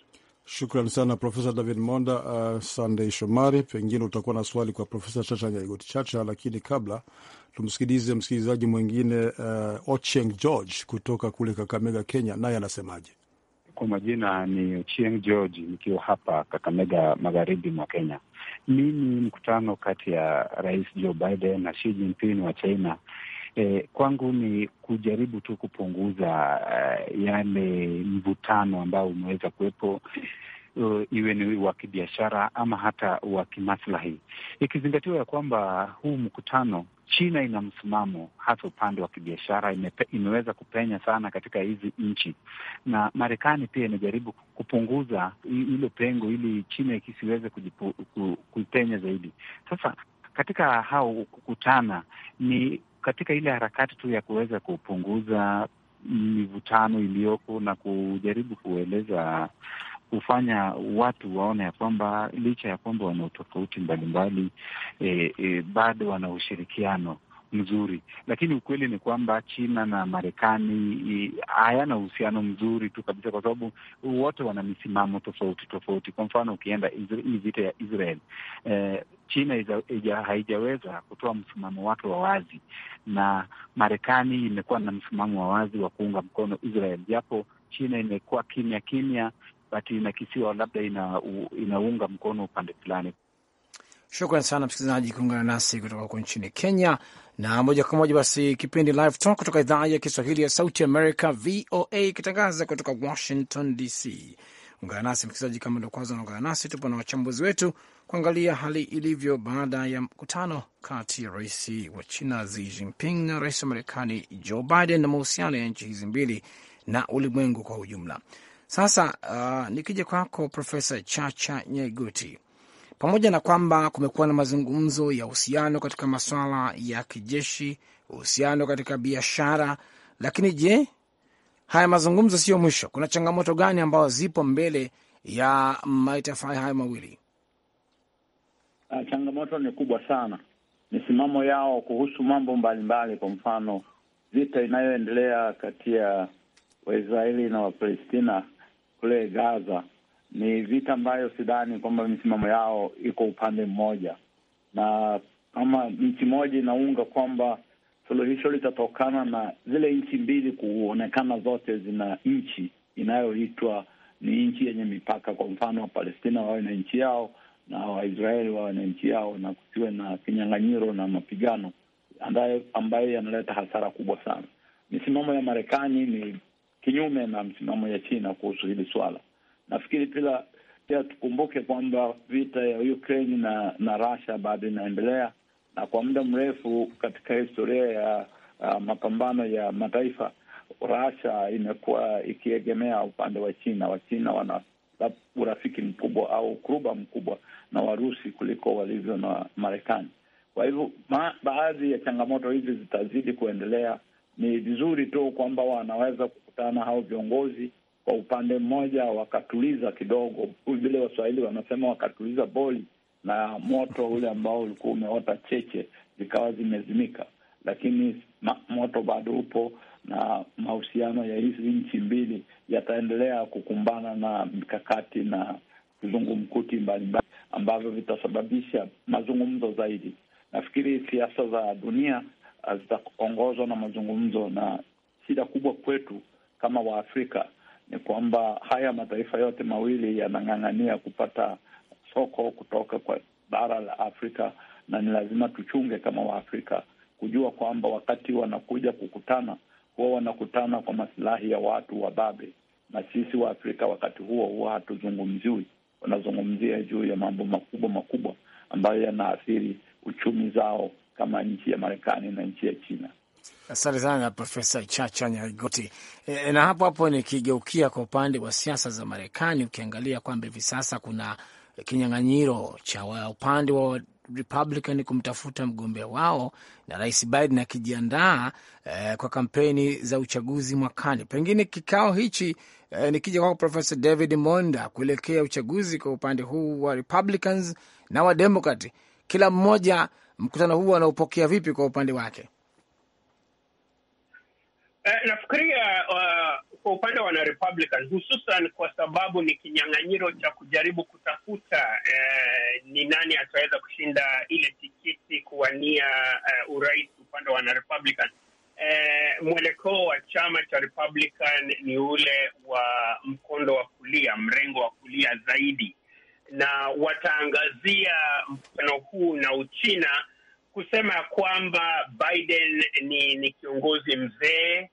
Shukran sana Profesa David Monda. Uh, Sandey Shomari, pengine utakuwa na swali kwa Profesa Chacha Nyaigoti Chacha, lakini kabla tumsikilize msikilizaji mwingine uh, Ocheng George kutoka kule Kakamega, Kenya, naye anasemaje? Kwa majina ni Ochieng George, nikiwa hapa Kakamega, magharibi mwa Kenya. Mimi mkutano kati ya Rais Joe Biden na Xi Jinping wa China eh, kwangu ni kujaribu tu kupunguza uh, yale mvutano ambao umeweza kuwepo uh, iwe ni wa kibiashara ama hata wa kimaslahi, ikizingatiwa ya kwamba huu mkutano China ina msimamo hasa upande wa kibiashara, ime, imeweza kupenya sana katika hizi nchi, na Marekani pia inajaribu kupunguza hilo pengo ili China ikisiweze kuipenya zaidi. Sasa katika hao kukutana ni katika ile harakati tu ya kuweza kupunguza mivutano iliyoko na kujaribu kueleza kufanya watu waone ya kwamba licha ya kwamba wana utofauti mbalimbali e, e, bado wana ushirikiano mzuri, lakini ukweli ni kwamba China na Marekani hayana uhusiano mzuri tu kabisa, kwa sababu wote wana misimamo tofauti tofauti. Kwa mfano, ukienda hii vita ya Israel eh, China haijaweza kutoa msimamo wake wa wazi, na Marekani imekuwa na msimamo wa wazi wa kuunga mkono Israel, japo China imekuwa kimya kimya, bati inakisiwa labda ina, inaunga mkono upande fulani. Shukran sana msikilizaji kuungana nasi kutoka huko nchini Kenya na moja kwa moja basi kipindi Live Talk kutoka idhaa ya Kiswahili ya Sauti america VOA, ikitangaza kutoka Washington DC. Ungana nasi msikilizaji, kama ndo kwanza unaungana nasi, tupo na wachambuzi wetu kuangalia hali ilivyo baada ya mkutano kati ya rais wa China Xi Jinping na rais wa Marekani Joe Biden na mahusiano ya nchi hizi mbili na ulimwengu kwa ujumla. Sasa uh, nikija kwako Profesa Chacha Nyaigoti, pamoja na kwamba kumekuwa na mazungumzo ya uhusiano katika maswala ya kijeshi, uhusiano katika biashara. Lakini je, haya mazungumzo siyo mwisho? Kuna changamoto gani ambazo zipo mbele ya mataifa hayo mawili? Ah, changamoto ni kubwa sana. Misimamo yao kuhusu mambo mbalimbali, kwa mfano vita inayoendelea kati ya Waisraeli na Wapalestina kule Gaza ni vita ambayo sidhani kwamba misimamo yao iko upande mmoja, na kama nchi moja inaunga kwamba suluhisho litatokana na zile nchi mbili kuonekana zote zina nchi inayoitwa ni nchi yenye mipaka. Kwa mfano, Wapalestina wawe na nchi yao na Waisraeli wawe na nchi yao, na kusiwe na kinyang'anyiro na mapigano ambayo yanaleta hasara kubwa sana. Misimamo ya Marekani ni kinyume na msimamo ya China kuhusu hili swala. Nafikiri pia pia tukumbuke kwamba vita ya Ukraine na na Russia bado inaendelea, na kwa muda mrefu katika historia ya uh, mapambano ya mataifa, Russia imekuwa ikiegemea upande wa China. Wachina wana urafiki mkubwa au ukuruba mkubwa na Warusi kuliko walivyo na Marekani. Kwa hivyo ma, baadhi ya changamoto hizi zitazidi kuendelea. Ni vizuri tu kwamba wanaweza kukutana hao viongozi kwa upande mmoja wakatuliza kidogo, vile Waswahili wanasema wakatuliza boli na moto ule ambao ulikuwa umeota cheche zikawa zimezimika, lakini ma, moto bado upo na mahusiano ya hizi nchi mbili yataendelea kukumbana na mikakati na vizungumkuti mbalimbali ambavyo vitasababisha mazungumzo zaidi. Nafikiri siasa za dunia uh, zitaongozwa na mazungumzo, na shida kubwa kwetu kama Waafrika ni kwamba haya mataifa yote mawili yanang'ang'ania kupata soko kutoka kwa bara la Afrika, na ni lazima tuchunge kama Waafrika kujua kwamba wakati wanakuja kukutana huwa wanakutana kwa masilahi ya watu wababe, na sisi Waafrika wakati huo huwa hatuzungumziwi, wanazungumzia juu ya mambo makubwa makubwa ambayo yanaathiri uchumi zao kama nchi ya Marekani na nchi ya China. Asante sana Profesa Chacha Nyaigoti. E, na hapo hapo nikigeukia kwa upande wa siasa za Marekani, ukiangalia kwamba hivi sasa kuna kinyang'anyiro cha upande wa Republican kumtafuta mgombea wao na Rais Biden akijiandaa e, kwa kampeni za uchaguzi mwakani. Pengine kikao hichi e, nikija kwako Profesa David Monda, kuelekea uchaguzi kwa upande huu wa Republicans na wa Democrat, kila mmoja mkutano huu anaupokea vipi kwa upande wake? Eh, nafikiria uh, kwa upande wa wanarepublican hususan kwa sababu ni kinyang'anyiro cha kujaribu kutafuta uh, ni nani ataweza kushinda ile tikiti kuwania uh, urais upande wa wanarepublican. Uh, mwelekeo wa chama cha Republican ni ule wa mkondo wa kulia, mrengo wa kulia zaidi, na wataangazia mkutano huu na Uchina kusema ya kwamba Biden ni, ni kiongozi mzee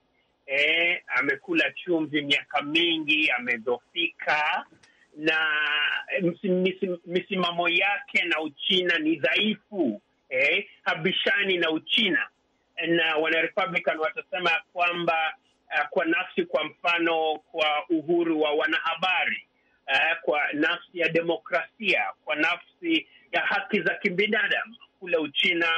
eh, amekula chumvi miaka mingi, amedhofika na eh, misimamo yake na Uchina ni dhaifu eh, habishani na Uchina na wanarepublican watasema kwamba uh, kwa nafsi, kwa mfano, kwa uhuru wa wanahabari uh, kwa nafsi ya demokrasia, kwa nafsi ya haki za kibinadamu, kule Uchina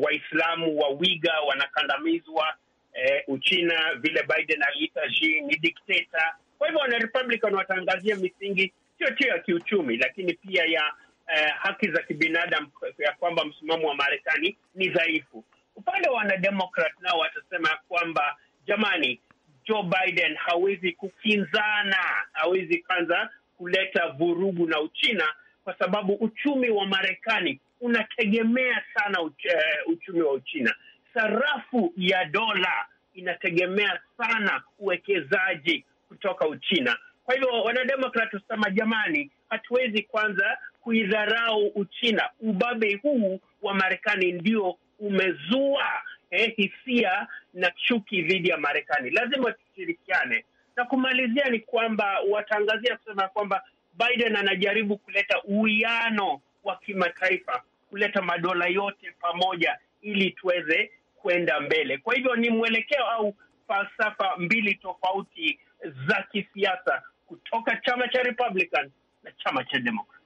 Waislamu wa, wa, wa Wiga wanakandamizwa eh, Uchina vile Biden aliita Xi ni dikteta. Kwa hivyo wana Republican wataangazia misingi sio tu ya kiuchumi, lakini pia ya eh, haki za kibinadamu, ya kwamba msimamo wa Marekani ni dhaifu. Upande wa wanademokrat nao watasema kwamba jamani, Joe Biden hawezi kukinzana, hawezi kwanza kuleta vurugu na Uchina kwa sababu uchumi wa Marekani unategemea sana uch eh, uchumi wa Uchina sarafu ya dola inategemea sana uwekezaji kutoka Uchina. Kwa hivyo wanademokrat husema jamani, hatuwezi kwanza kuidharau Uchina. Ubabe huu wa Marekani ndio umezua eh, hisia na chuki dhidi ya Marekani. Lazima tushirikiane. Na kumalizia ni kwamba wataangazia kusema kwamba Biden anajaribu kuleta uwiano wa kimataifa, kuleta madola yote pamoja ili tuweze kwenda mbele. Kwa hivyo ni mwelekeo au falsafa mbili tofauti za kisiasa kutoka chama cha Republican na chama cha Democrat.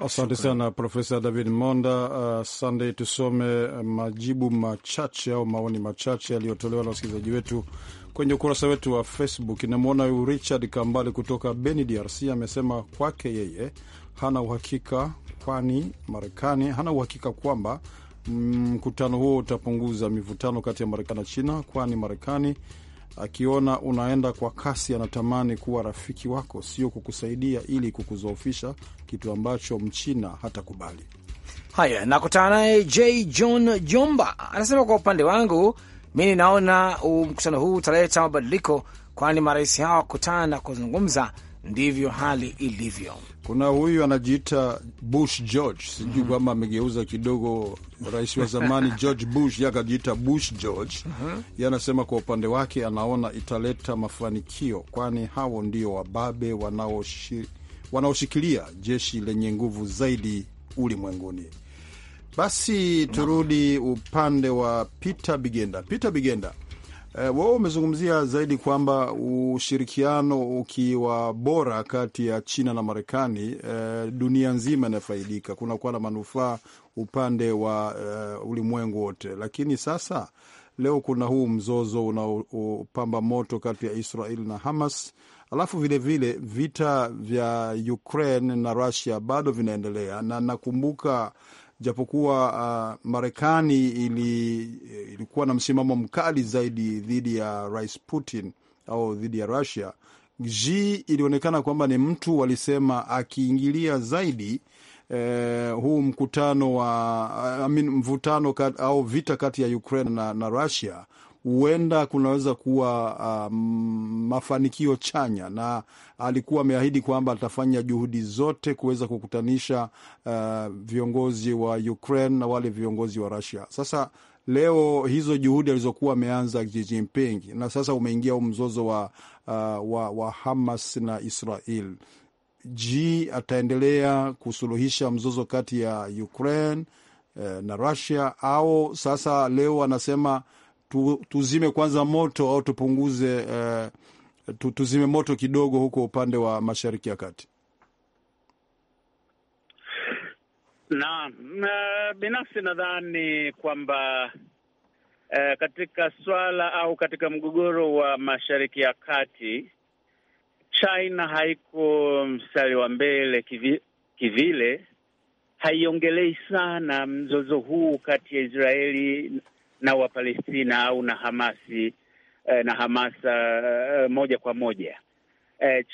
Asante sana Profesa David Monda. Uh, Sunday, tusome majibu machache au maoni machache yaliyotolewa na wasikilizaji wetu kwenye ukurasa wetu wa Facebook. Inamwona huyu Richard Kambale kutoka Beni, DRC, amesema kwake yeye hana uhakika, kwani Marekani hana uhakika kwamba Mkutano huo utapunguza mivutano kati ya Marekani na China, kwani Marekani akiona unaenda kwa kasi anatamani kuwa rafiki wako, sio kukusaidia ili kukuzoofisha, kitu ambacho Mchina hatakubali. Haya, nakutana naye J John Jomba anasema, kwa upande wangu mi ninaona mkutano huu utaleta mabadiliko, kwani marais hawa wakutana na kuzungumza ndivyo hali ilivyo. Kuna huyu anajiita Bush George, sijui mm -hmm. amegeuza kidogo rais wa zamani George Bush, ye akajiita Bush George mm -hmm. ye anasema kwa upande wake anaona italeta mafanikio, kwani hao ndio wababe wanaoshi, wanaoshikilia jeshi lenye nguvu zaidi ulimwenguni. Basi turudi upande wa Peter Bigenda. Peter Bigenda Eh, wao umezungumzia zaidi kwamba ushirikiano ukiwa bora kati ya China na Marekani, e, dunia nzima inafaidika, kunakuwa na manufaa upande wa e, ulimwengu wote. Lakini sasa leo kuna huu mzozo unaopamba moto kati ya Israel na Hamas, alafu vilevile vile, vita vya Ukraine na Russia bado vinaendelea, na nakumbuka japokuwa uh, Marekani ili, eh, ilikuwa na msimamo mkali zaidi dhidi ya Rais Putin au dhidi ya Russia. j ilionekana kwamba ni mtu walisema akiingilia zaidi eh, huu mkutano wa I mean, mvutano kat, au vita kati ya Ukraine na, na Russia huenda kunaweza kuwa uh, mafanikio chanya, na alikuwa ameahidi kwamba atafanya juhudi zote kuweza kukutanisha uh, viongozi wa Ukraine na wale viongozi wa Russia. Sasa leo hizo juhudi alizokuwa ameanza Xi Jinping, na sasa umeingia huu mzozo wa, uh, wa, wa Hamas na Israel. Je, ataendelea kusuluhisha mzozo kati ya Ukraine eh, na Russia au sasa leo anasema tu, tuzime kwanza moto au tupunguze uh, tu, tuzime moto kidogo huko upande wa Mashariki ya Kati? Naam, na, eh, binafsi nadhani kwamba eh, katika swala au katika mgogoro wa Mashariki ya Kati China haiko mstari wa mbele kivi, kivile haiongelei sana mzozo huu kati ya Israeli na Wapalestina au na Hamasi eh, na Hamasa eh, eh, moja kwa moja.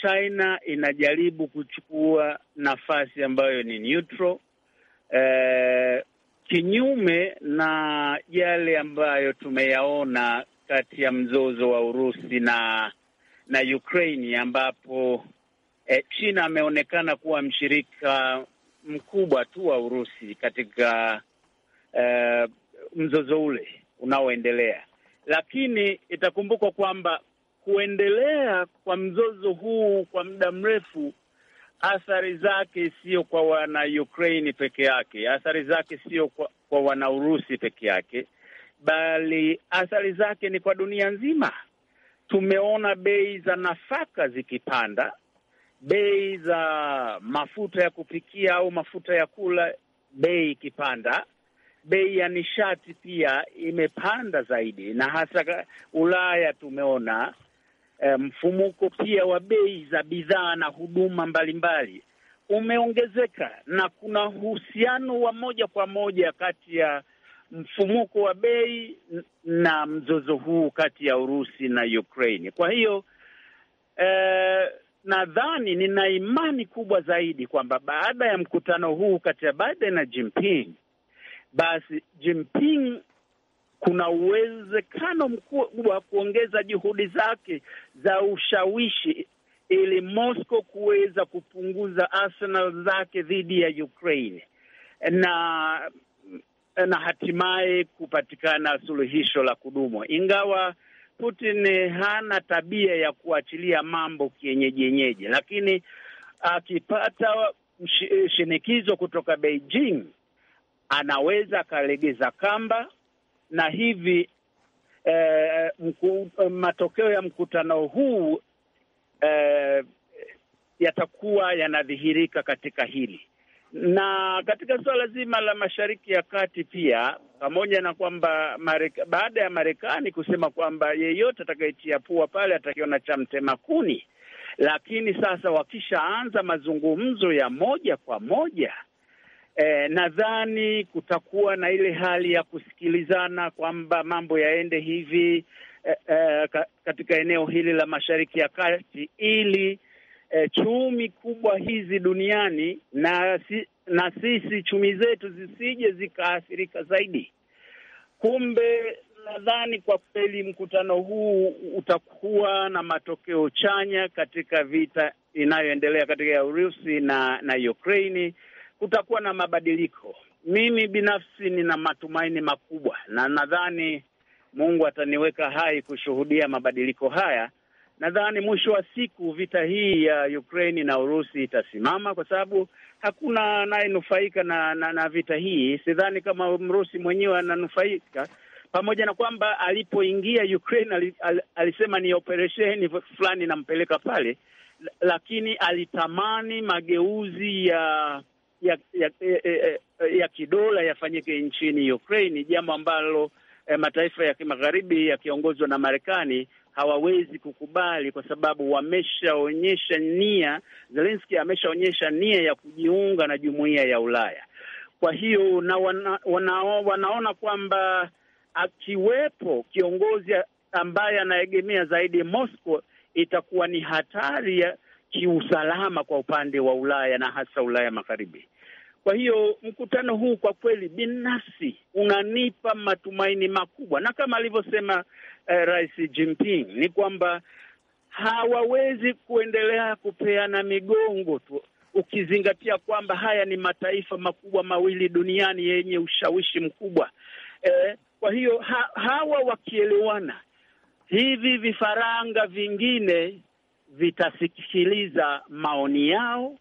China inajaribu kuchukua nafasi ambayo ni neutral, kinyume na yale ambayo tumeyaona kati ya mzozo wa Urusi na na Ukraini ambapo eh, China ameonekana kuwa mshirika mkubwa tu wa Urusi katika eh, mzozo ule unaoendelea, lakini itakumbukwa kwamba kuendelea kwa mzozo huu kwa muda mrefu, athari zake sio kwa wana Ukraini peke yake, athari zake sio kwa, kwa wana Urusi peke yake, bali athari zake ni kwa dunia nzima. Tumeona bei za nafaka zikipanda, bei za mafuta ya kupikia au mafuta ya kula, bei ikipanda, bei ya nishati pia imepanda zaidi, na hasa Ulaya tumeona eh, mfumuko um, pia wa bei za bidhaa na huduma mbalimbali umeongezeka, na kuna uhusiano wa moja kwa moja kati ya mfumuko wa bei na mzozo huu kati ya Urusi na Ukraine. Kwa hiyo eh, nadhani nina imani kubwa zaidi kwamba baada ya mkutano huu kati ya Biden na Jinping basi Jinping kuna uwezekano mkubwa kuongeza juhudi zake za ushawishi ili Moscow kuweza kupunguza arsenal zake dhidi ya Ukraine na na hatimaye kupatikana suluhisho la kudumu, ingawa Putin hana tabia ya kuachilia mambo kienyeji yenyeji, lakini akipata shinikizo kutoka Beijing anaweza akalegeza kamba na hivi eh, mku, eh, matokeo ya mkutano huu eh, yatakuwa yanadhihirika katika hili na katika suala zima la Mashariki ya Kati pia, pamoja na kwamba baada ya Marekani kusema kwamba yeyote atakayetia pua pale atakiona cha mtema kuni, lakini sasa wakishaanza mazungumzo ya moja kwa moja eh, nadhani kutakuwa na ile hali ya kusikilizana kwamba mambo yaende hivi eh, eh, katika eneo hili la Mashariki ya Kati ili eh, chumi kubwa hizi duniani na si, na sisi chumi zetu zisije zikaathirika zaidi. Kumbe nadhani kwa kweli mkutano huu utakuwa na matokeo chanya katika vita inayoendelea katika ya Urusi na na Ukraini kutakuwa na mabadiliko. Mimi binafsi nina matumaini makubwa, na nadhani Mungu ataniweka hai kushuhudia mabadiliko haya. Nadhani mwisho wa siku vita hii ya Ukraini na Urusi itasimama, kwa sababu hakuna anayenufaika na, na, na vita hii. Sidhani kama Mrusi mwenyewe ananufaika, pamoja na kwamba alipoingia Ukraini al, al, alisema ni operesheni fulani inampeleka pale, lakini alitamani mageuzi ya uh, ya ya, ya, ya kidola yafanyike nchini Ukraine, jambo ambalo eh, mataifa ya kimagharibi yakiongozwa na Marekani hawawezi kukubali kwa sababu wameshaonyesha nia, Zelensky ameshaonyesha nia ya kujiunga na jumuiya ya Ulaya. Kwa hiyo na wana, wana, wanaona kwamba akiwepo kiongozi ambaye anaegemea zaidi Moscow itakuwa ni hatari ya kiusalama kwa upande wa Ulaya na hasa Ulaya Magharibi. Kwa hiyo mkutano huu kwa kweli binafsi unanipa matumaini makubwa, na kama alivyosema eh, Rais Jinping ni kwamba hawawezi kuendelea kupeana migongo tu, ukizingatia kwamba haya ni mataifa makubwa mawili duniani yenye ushawishi mkubwa eh, kwa hiyo ha, hawa wakielewana hivi vifaranga vingine vitasikiliza maoni yao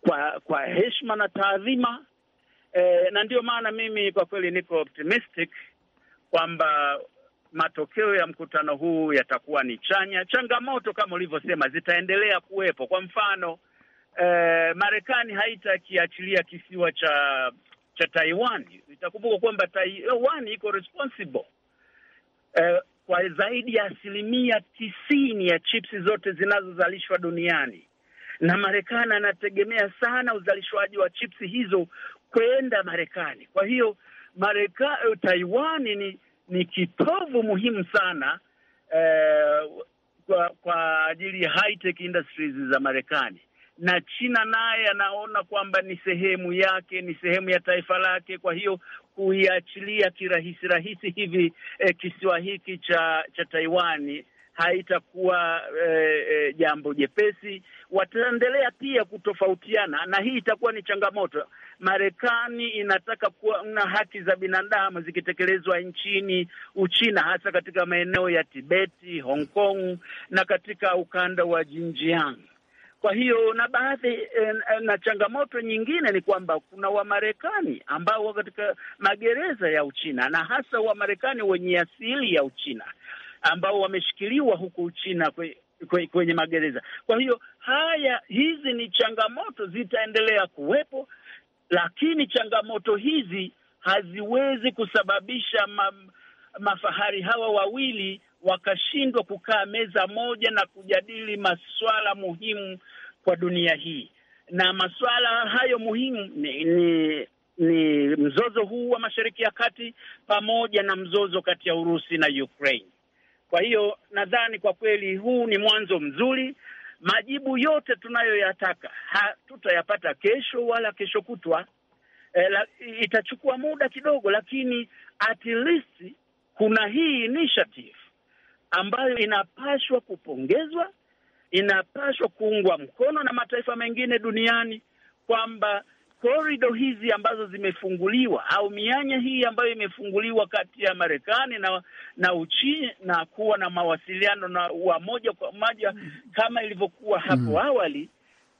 kwa kwa heshima na taadhima e, na ndiyo maana mimi kwa kweli niko optimistic kwamba matokeo ya mkutano huu yatakuwa ni chanya. Changamoto kama ulivyosema zitaendelea kuwepo. Kwa mfano e, Marekani haitakiachilia kisiwa cha cha Taiwan. Itakumbuka kwamba Taiwan iko responsible eh, kwa zaidi ya asilimia tisini ya chipsi zote zinazozalishwa duniani, na Marekani anategemea sana uzalishwaji wa chipsi hizo kwenda Marekani. Kwa hiyo Mareka, eh, Taiwani ni, ni kitovu muhimu sana eh, kwa, kwa ajili ya high tech industries za Marekani na China naye anaona kwamba ni sehemu yake, ni sehemu ya taifa lake. Kwa hiyo kuiachilia kirahisi rahisi hivi eh, kisiwa hiki cha cha Taiwani haitakuwa eh, eh, jambo jepesi. Wataendelea pia kutofautiana, na hii itakuwa ni changamoto. Marekani inataka kuona haki za binadamu zikitekelezwa nchini Uchina, hasa katika maeneo ya Tibeti, Hong Kong na katika ukanda wa Jinjiang. Kwa hiyo na baadhi eh, na changamoto nyingine ni kwamba kuna Wamarekani ambao wako katika magereza ya Uchina na hasa Wamarekani wenye asili ya Uchina ambao wameshikiliwa huku Uchina kwe, kwe, kwenye magereza. Kwa hiyo haya, hizi ni changamoto zitaendelea kuwepo, lakini changamoto hizi haziwezi kusababisha ma, mafahari hawa wawili wakashindwa kukaa meza moja na kujadili masuala muhimu kwa dunia hii, na masuala hayo muhimu ni, ni ni mzozo huu wa Mashariki ya Kati pamoja na mzozo kati ya Urusi na Ukraine. Kwa hiyo nadhani kwa kweli huu ni mwanzo mzuri. Majibu yote tunayoyataka hatutayapata kesho wala kesho kutwa. E, la, itachukua muda kidogo, lakini at least kuna hii initiative ambayo inapashwa kupongezwa, inapashwa kuungwa mkono na mataifa mengine duniani kwamba korido hizi ambazo zimefunguliwa au mianya hii ambayo imefunguliwa kati ya Marekani na na Uchina na kuwa na mawasiliano na wa moja kwa moja hmm. kama ilivyokuwa hapo hmm. awali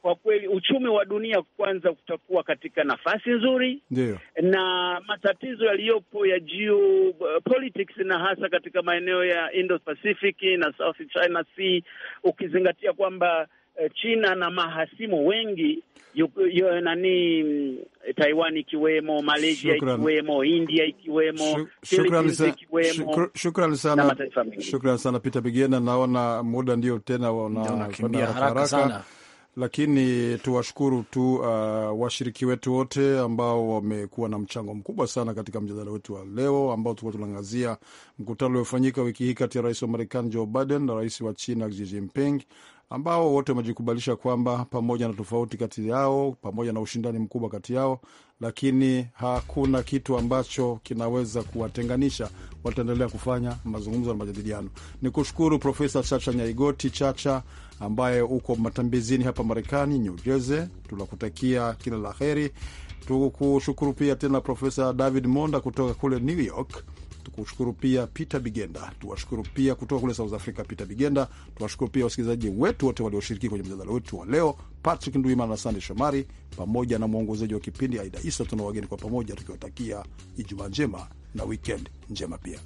kwa kweli uchumi wa dunia kwanza kutakuwa katika nafasi nzuri. Ndiyo. na matatizo yaliyopo ya geopolitics uh, na hasa katika maeneo ya Indo Pacific na South China Sea, ukizingatia kwamba uh, China na mahasimu wengi yu, yu, nani mm, Taiwan ikiwemo Malaysia shukran, ikiwemo India ikiwemo Philippines ikiwemo. Shukran sana, shukran sana Peter Bigena, naona muda ndio tena unakimbia haraka sana. Lakini tuwashukuru tu uh, washiriki wetu wote ambao wamekuwa na mchango mkubwa sana katika mjadala wetu wa leo ambao tulikuwa tunaangazia mkutano uliofanyika wiki hii kati ya rais wa Marekani Joe Biden na rais wa China Xi Jinping ambao wote wamejikubalisha kwamba pamoja na tofauti kati yao, pamoja na ushindani mkubwa kati yao, lakini hakuna kitu ambacho kinaweza kuwatenganisha. Wataendelea kufanya mazungumzo na majadiliano. Ni kushukuru Profesa Chacha Nyaigoti Chacha ambaye uko matembezini hapa Marekani, New Jersey. Tunakutakia kila la heri. Tukushukuru pia tena Profesa David Monda kutoka kule New York. Tukushukuru pia Peter Bigenda, tuwashukuru pia kutoka kule South Africa, Peter Bigenda. Tuwashukuru pia wasikilizaji wetu wote walioshiriki kwenye mjadala wetu wa leo, Patrick nduimana na Sande Shomari pamoja na mwongozaji wa kipindi Aida Isa. Tuna wageni kwa pamoja, tukiwatakia Ijumaa njema na wikend njema pia.